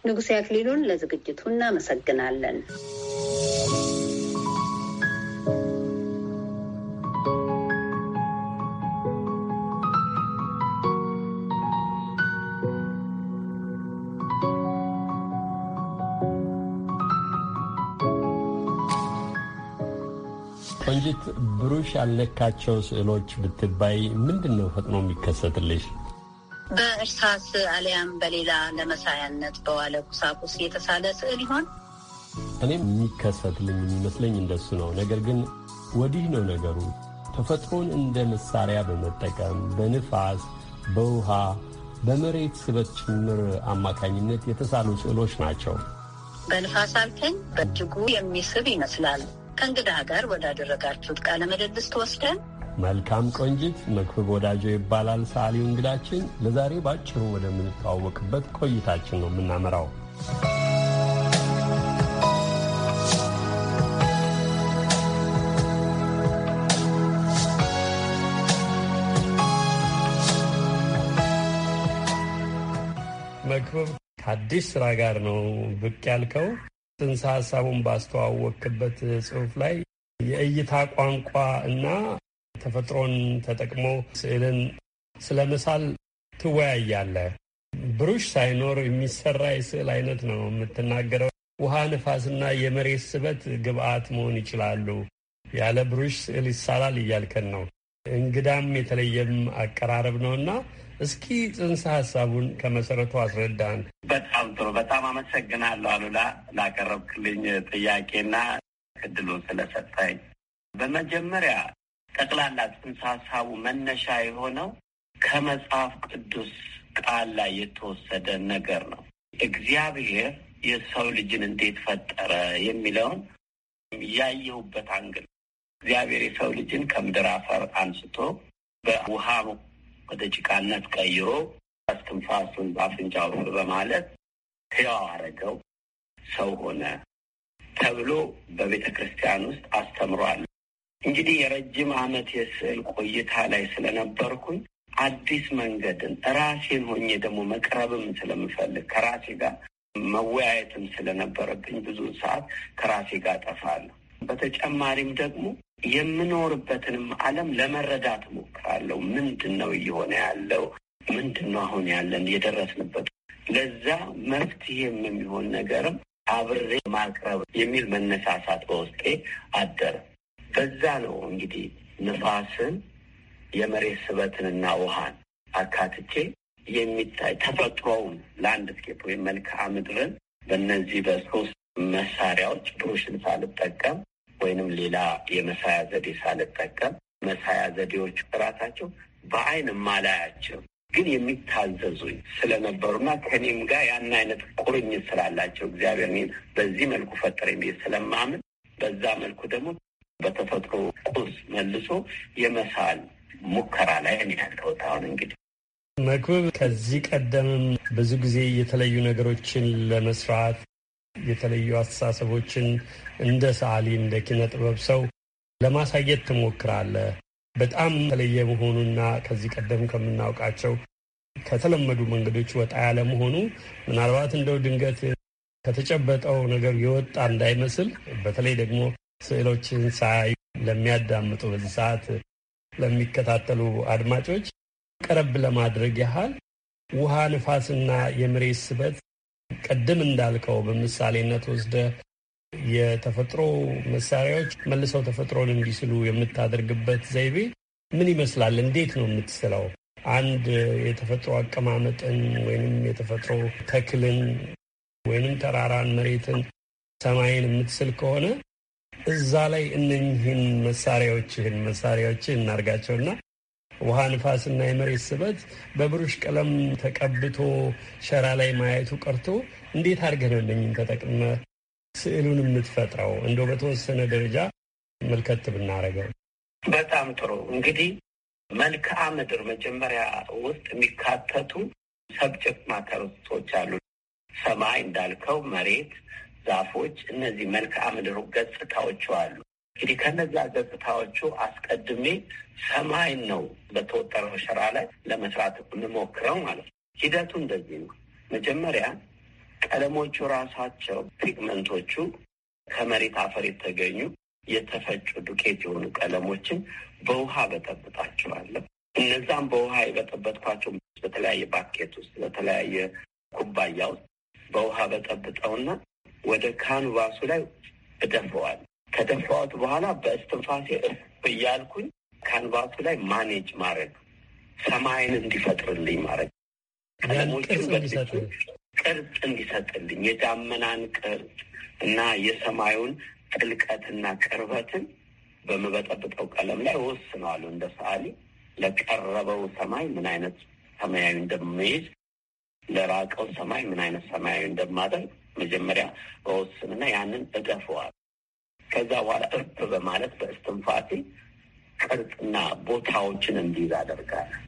ንጉሴ አክሊሉን ለዝግጅቱ እናመሰግናለን። ዝግጅት ብሩሽ ያልነካቸው ስዕሎች ብትባይ ምንድን ነው ፈጥኖ የሚከሰትልሽ? በእርሳስ አሊያም በሌላ ለመሳያነት በዋለ ቁሳቁስ የተሳለ ስዕል ይሆን? እኔም የሚከሰትልኝ የሚመስለኝ እንደሱ ነው። ነገር ግን ወዲህ ነው ነገሩ። ተፈጥሮን እንደ መሳሪያ በመጠቀም በንፋስ፣ በውሃ፣ በመሬት ስበት ጭምር አማካኝነት የተሳሉ ስዕሎች ናቸው። በንፋስ አልከኝ፣ በእጅጉ የሚስብ ይመስላል። ከእንግዳ ጋር ወዳደረጋችሁት ቃለ ምልልስ ተወስደን መልካም ቆንጂት መክብብ ወዳጆ ይባላል ሰዓሊው እንግዳችን። ለዛሬ ባጭሩ ወደምንተዋወቅበት ቆይታችን ነው የምናመራው። መክብብ ከአዲስ ስራ ጋር ነው ብቅ ያልከው። ጽንሰ ሀሳቡን ባስተዋወቅበት ጽሁፍ ላይ የእይታ ቋንቋ እና ተፈጥሮን ተጠቅሞ ስዕልን ስለ መሳል ትወያያለህ። ብሩሽ ሳይኖር የሚሰራ የስዕል አይነት ነው የምትናገረው። ውሃ፣ ነፋስና የመሬት ስበት ግብአት መሆን ይችላሉ። ያለ ብሩሽ ስዕል ይሳላል እያልከን ነው። እንግዳም የተለየም አቀራረብ ነውና እስኪ ጽንሰ ሀሳቡን ከመሰረቱ አስረዳን። በጣም ጥሩ። በጣም አመሰግናለሁ አሉላ ላቀረብክልኝ ጥያቄና እድሉን ስለሰጠኝ። በመጀመሪያ ጠቅላላ ጽንሰ ሀሳቡ መነሻ የሆነው ከመጽሐፍ ቅዱስ ቃል ላይ የተወሰደ ነገር ነው። እግዚአብሔር የሰው ልጅን እንዴት ፈጠረ የሚለውን ያየሁበት አንግል እግዚአብሔር የሰው ልጅን ከምድር አፈር አንስቶ በውሃ ወደ ጭቃነት ቀይሮ እስትንፋሱን በአፍንጫው በማለት ሕያው አረገው ሰው ሆነ ተብሎ በቤተ ክርስቲያን ውስጥ አስተምሯል። እንግዲህ የረጅም ዓመት የስዕል ቆይታ ላይ ስለነበርኩኝ አዲስ መንገድን ራሴን ሆኜ ደግሞ መቅረብም ስለምፈልግ ከራሴ ጋር መወያየትም ስለነበረብኝ ብዙ ሰዓት ከራሴ ጋር ጠፋለሁ። በተጨማሪም ደግሞ የምኖርበትንም ዓለም ለመረዳት ሞክራለሁ። ምንድን ነው እየሆነ ያለው? ምንድን ነው አሁን ያለን የደረስንበት? ለዛ መፍትሄም የሚሆን ነገርም አብሬ ማቅረብ የሚል መነሳሳት በውስጤ አደረ። በዛ ነው እንግዲህ ንፋስን፣ የመሬት ስበትንና ውሃን አካትቼ የሚታይ ተፈጥሮውን ላንድስኬፕ ወይም መልክዓ ምድርን በእነዚህ በሶስት መሳሪያዎች ብሩሽን ሳልጠቀም ወይንም ሌላ የመሳያ ዘዴ ሳልጠቀም መሳያ ዘዴዎች ራሳቸው በአይን ማላያቸው ግን የሚታዘዙኝ ስለነበሩና ከኔም ጋር ያን አይነት ቁርኝት ስላላቸው እግዚአብሔር እኔን በዚህ መልኩ ፈጠረኝ ብዬ ስለማምን በዛ መልኩ ደግሞ በተፈጥሮ ቁስ መልሶ የመሳል ሙከራ ላይ እኔ አሁን እንግዲህ መክብብ፣ ከዚህ ቀደምም ብዙ ጊዜ የተለዩ ነገሮችን ለመስራት የተለዩ አስተሳሰቦችን እንደ ሰዓሊ እንደ ኪነ ጥበብ ሰው ለማሳየት ትሞክራለህ። በጣም የተለየ መሆኑና ከዚህ ቀደም ከምናውቃቸው ከተለመዱ መንገዶች ወጣ ያለ መሆኑ ምናልባት እንደው ድንገት ከተጨበጠው ነገር የወጣ እንዳይመስል በተለይ ደግሞ ስዕሎችን ሳያዩ ለሚያዳምጡ በዚህ ሰዓት ለሚከታተሉ አድማጮች ቀረብ ለማድረግ ያህል ውሃ፣ ንፋስና የመሬት ስበት ቅድም እንዳልከው በምሳሌነት ወስደ የተፈጥሮ መሳሪያዎች መልሰው ተፈጥሮን እንዲስሉ የምታደርግበት ዘይቤ ምን ይመስላል? እንዴት ነው የምትስለው? አንድ የተፈጥሮ አቀማመጥን ወይንም የተፈጥሮ ተክልን ወይንም ተራራን፣ መሬትን፣ ሰማይን የምትስል ከሆነ እዛ ላይ እነኝህን መሳሪያዎችህን መሳሪያዎችህን እናርጋቸውና ውሃ ንፋስና የመሬት ስበት በብሩሽ ቀለም ተቀብቶ ሸራ ላይ ማየቱ ቀርቶ እንዴት አድርገህ ነው እነኝን ተጠቅመ ስዕሉን የምትፈጥረው? እንደው በተወሰነ ደረጃ መልከት ብናረገው በጣም ጥሩ። እንግዲህ መልክዓ ምድር መጀመሪያ ውስጥ የሚካተቱ ሰብጀክት ማተርሶች አሉ። ሰማይ እንዳልከው፣ መሬት፣ ዛፎች፣ እነዚህ መልክዓ ምድሩ ገጽታዎቹ አሉ። እንግዲህ ከነዛ ገጽታዎቹ አስቀድሜ ሰማይን ነው በተወጠረው ሸራ ላይ ለመስራት እንሞክረው ማለት ነው። ሂደቱ እንደዚህ ነው። መጀመሪያ ቀለሞቹ ራሳቸው ፒግመንቶቹ ከመሬት አፈር የተገኙ የተፈጩ ዱቄት የሆኑ ቀለሞችን በውሃ በጠብጣቸዋለሁ። እነዛም በውሃ የበጠበጥኳቸው በተለያየ ባኬት ውስጥ በተለያየ ኩባያ ውስጥ በውሃ በጠብጠውና ወደ ካንቫሱ ላይ እደፈዋል። ከተፋዋት በኋላ በእስትንፋሴ እፍ እያልኩኝ ካንቫሱ ላይ ማኔጅ ማድረግ ሰማይን እንዲፈጥርልኝ ማድረግ ቀለሞችን እንዲሰጥልኝ የዳመናን ቅርጽ እና የሰማዩን ጥልቀትና ቅርበትን በምበጠብጠው ቀለም ላይ ወስነዋለሁ። እንደ ሰዓሊ ለቀረበው ሰማይ ምን አይነት ሰማያዊ እንደምይዝ፣ ለራቀው ሰማይ ምን አይነት ሰማያዊ እንደማደርግ መጀመሪያ በወስንና ያንን እገፈዋል። ከዛ በኋላ እርፍ በማለት በእስትንፋሴ ቅርጽና ቦታዎችን እንዲይዝ አደርጋለሁ።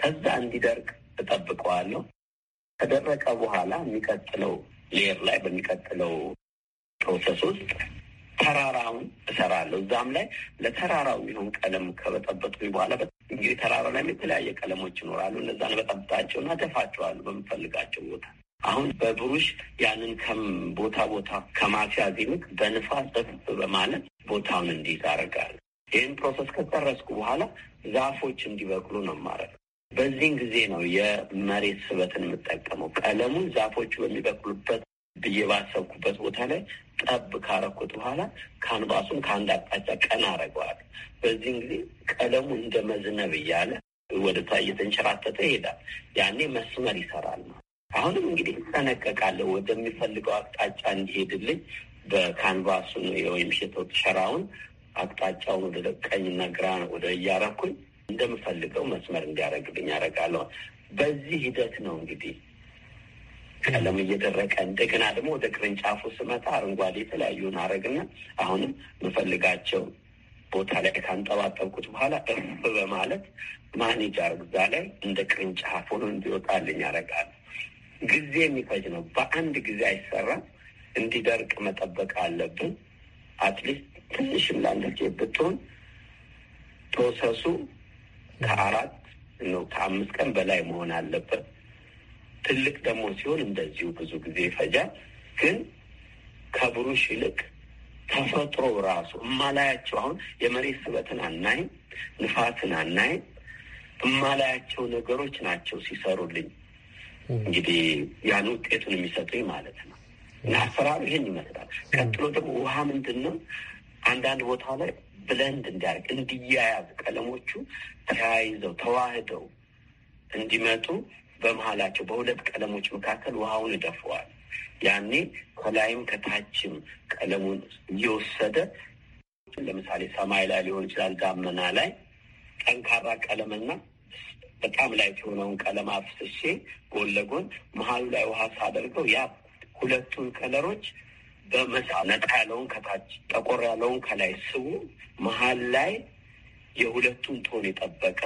ከዛ እንዲደርቅ እጠብቀዋለሁ። ከደረቀ በኋላ የሚቀጥለው ሌየር ላይ በሚቀጥለው ፕሮሰስ ውስጥ ተራራውን እሰራለሁ። እዛም ላይ ለተራራው የሚሆን ቀለም ከበጠበጡኝ በኋላ እንግዲህ ተራራ ላይም የተለያየ ቀለሞች ይኖራሉ። እነዛን በጠብጣቸውና ደፋቸዋሉ በምፈልጋቸው ቦታ አሁን በብሩሽ ያንን ቦታ ቦታ ከማስያዝ ይልቅ በንፋስ በፍ በማለት ቦታውን እንዲይዝ አደርጋለሁ። ይህን ፕሮሰስ ከጨረስኩ በኋላ ዛፎች እንዲበቅሉ ነው ማረግ። በዚህን ጊዜ ነው የመሬት ስበትን የምጠቀመው። ቀለሙን ዛፎቹ በሚበቅሉበት ብዬ ባሰብኩበት ቦታ ላይ ጠብ ካረኩት በኋላ ካንባሱን ከአንድ አቅጣጫ ቀና አረገዋል። በዚህን ጊዜ ቀለሙ እንደ መዝነብ እያለ ወደታ እየተንሸራተተ ይሄዳል። ያኔ መስመር ይሰራል ነው አሁንም እንግዲህ እጠነቀቃለሁ ወደሚፈልገው አቅጣጫ እንዲሄድልኝ በካንቫሱ ወይም ሸቶት ሸራውን አቅጣጫውን ወደ ቀኝና ግራ ወደ እያረኩኝ እንደምፈልገው መስመር እንዲያደርግልኝ ያደርጋለሁ። በዚህ ሂደት ነው እንግዲህ ቀለም እየደረቀ እንደገና ደግሞ ወደ ቅርንጫፉ ስመታ አረንጓዴ የተለያዩን አረግና አሁንም የምፈልጋቸው ቦታ ላይ ካንጠባጠብኩት በኋላ እፍ በማለት ማኔጅ አርግዛ ላይ እንደ ቅርንጫፍ ሆኖ እንዲወጣልኝ ያደርጋለሁ። ጊዜ የሚፈጅ ነው። በአንድ ጊዜ አይሰራም። እንዲደርቅ መጠበቅ አለብን። አትሊስት ትንሽም ላለች ብትሆን ፕሮሰሱ ከአራት ነው ከአምስት ቀን በላይ መሆን አለበት። ትልቅ ደግሞ ሲሆን እንደዚሁ ብዙ ጊዜ ይፈጃል። ግን ከብሩሽ ይልቅ ተፈጥሮ ራሱ እማላያቸው አሁን የመሬት ስበትን አናይም፣ ንፋስን አናይም። እማላያቸው ነገሮች ናቸው ሲሰሩልኝ እንግዲህ ያን ውጤቱን የሚሰጡኝ ማለት ነው። እና አሰራሩ ይሄን ይመስላል። ቀጥሎ ደግሞ ውሃ ምንድን ነው አንዳንድ ቦታ ላይ ብለንድ እንዲያደርግ እንዲያያዝ ቀለሞቹ ተያይዘው ተዋህደው እንዲመጡ በመሀላቸው በሁለት ቀለሞች መካከል ውሃውን ይደፈዋል። ያኔ ከላይም ከታችም ቀለሙን እየወሰደ ለምሳሌ ሰማይ ላይ ሊሆን ይችላል፣ ዳመና ላይ ጠንካራ ቀለምና በጣም ላይ የሆነውን ቀለም አፍስሼ ጎን ለጎን መሀሉ ላይ ውሃ ሳደርገው ያ ሁለቱን ከለሮች በመሳ ነጣ ያለውን ከታች ጠቆር ያለውን ከላይ ስቡ መሀል ላይ የሁለቱን ቶን የጠበቀ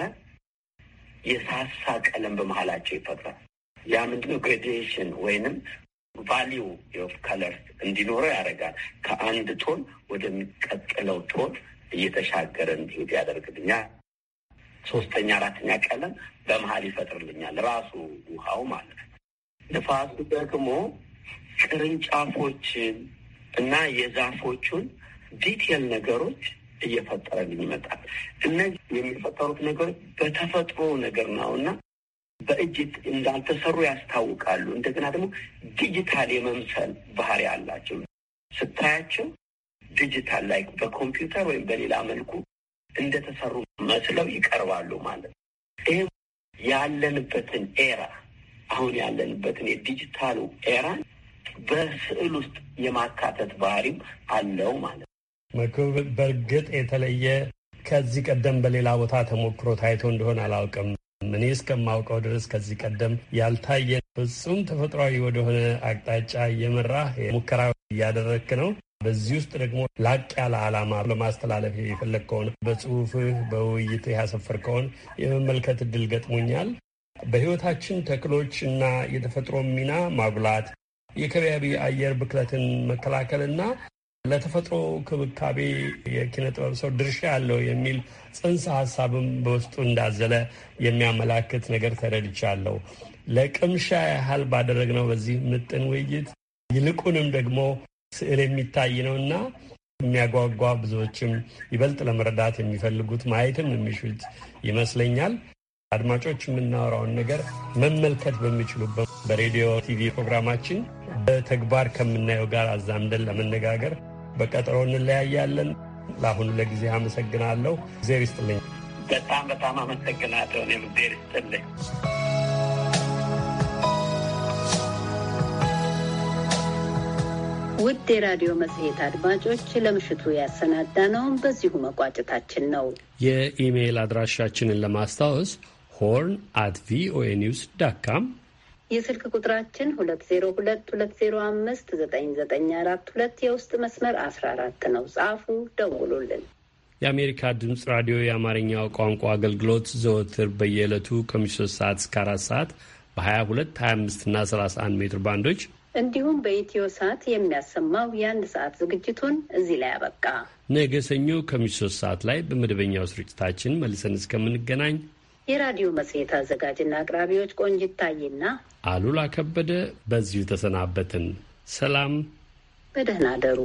የሳሳ ቀለም በመሀላቸው ይፈጥራል። ያ ምንድነው ግሬዲሽን ወይንም ቫሊዩ ኦፍ ከለር እንዲኖረው ያደርጋል። ከአንድ ቶን ወደሚቀጥለው ቶን እየተሻገረ እንዲሄድ ያደርግልኛል። ሶስተኛ አራተኛ ቀለም በመሀል ይፈጥርልኛል ራሱ ውሃው ማለት ነው። ንፋሱ ደግሞ ቅርንጫፎችን እና የዛፎቹን ዲቴል ነገሮች እየፈጠረልኝ ይመጣል። እነዚህ የሚፈጠሩት ነገሮች በተፈጥሮ ነገር ነው እና በእጅ እንዳልተሰሩ ያስታውቃሉ። እንደገና ደግሞ ዲጂታል የመምሰል ባህሪ አላቸው። ስታያቸው ዲጂታል ላይ በኮምፒውተር ወይም በሌላ መልኩ እንደተሰሩ መስለው ይቀርባሉ ማለት ነው። ይህም ያለንበትን ኤራ አሁን ያለንበትን የዲጂታሉ ኤራን በስዕል ውስጥ የማካተት ባህሪም አለው ማለት ነው። መክብ በእርግጥ የተለየ ከዚህ ቀደም በሌላ ቦታ ተሞክሮ ታይቶ እንደሆነ አላውቅም። እኔ እስከማውቀው ድረስ ከዚህ ቀደም ያልታየ ፍጹም ተፈጥሯዊ ወደሆነ አቅጣጫ እየመራህ ሙከራ እያደረግክ ነው። በዚህ ውስጥ ደግሞ ላቅ ያለ ዓላማ ለማስተላለፍ የፈለግከውን በጽሁፍህ በውይይት ያሰፈርከውን የመመልከት እድል ገጥሞኛል። በሕይወታችን ተክሎች እና የተፈጥሮ ሚና ማጉላት፣ የከባቢ አየር ብክለትን መከላከልና ለተፈጥሮ ክብካቤ የኪነ ጥበብ ሰው ድርሻ ያለው የሚል ጽንሰ ሀሳብም በውስጡ እንዳዘለ የሚያመላክት ነገር ተረድቻለሁ። ለቅምሻ ያህል ባደረግነው በዚህ ምጥን ውይይት ይልቁንም ደግሞ ስዕል የሚታይ ነው እና የሚያጓጓ ብዙዎችም ይበልጥ ለመረዳት የሚፈልጉት ማየትም የሚሹት ይመስለኛል። አድማጮች የምናወራውን ነገር መመልከት በሚችሉበት በሬዲዮ ቲቪ ፕሮግራማችን በተግባር ከምናየው ጋር አዛምደን ለመነጋገር በቀጠሮ እንለያያለን። ለአሁኑ ለጊዜ አመሰግናለሁ። እግዜር ይስጥልኝ። በጣም በጣም አመሰግናለሁ። እኔም እግዜር ይስጥልኝ። ውድ የራዲዮ መጽሔት አድማጮች ለምሽቱ ያሰናዳነውን በዚሁ መቋጨታችን ነው። የኢሜይል አድራሻችንን ለማስታወስ ሆርን አት ቪኦኤ ኒውስ ዳት ካም፣ የስልክ ቁጥራችን 2022059942 የውስጥ መስመር 14 ነው። ጻፉ፣ ደውሉልን። የአሜሪካ ድምፅ ራዲዮ የአማርኛው ቋንቋ አገልግሎት ዘወትር በየዕለቱ ከምሽቱ 3 ሰዓት እስከ 4 ሰዓት በ22፣ 25 እና 31 ሜትር ባንዶች እንዲሁም በኢትዮ ሰዓት የሚያሰማው የአንድ ሰዓት ዝግጅቱን እዚህ ላይ አበቃ። ነገ ሰኞ ከምሽቱ ሶስት ሰዓት ላይ በመደበኛው ስርጭታችን መልሰን እስከምንገናኝ የራዲዮ መጽሔት አዘጋጅና አቅራቢዎች ቆንጅ ይታይና አሉላ ከበደ በዚሁ ተሰናበትን። ሰላም፣ በደህና አደሩ።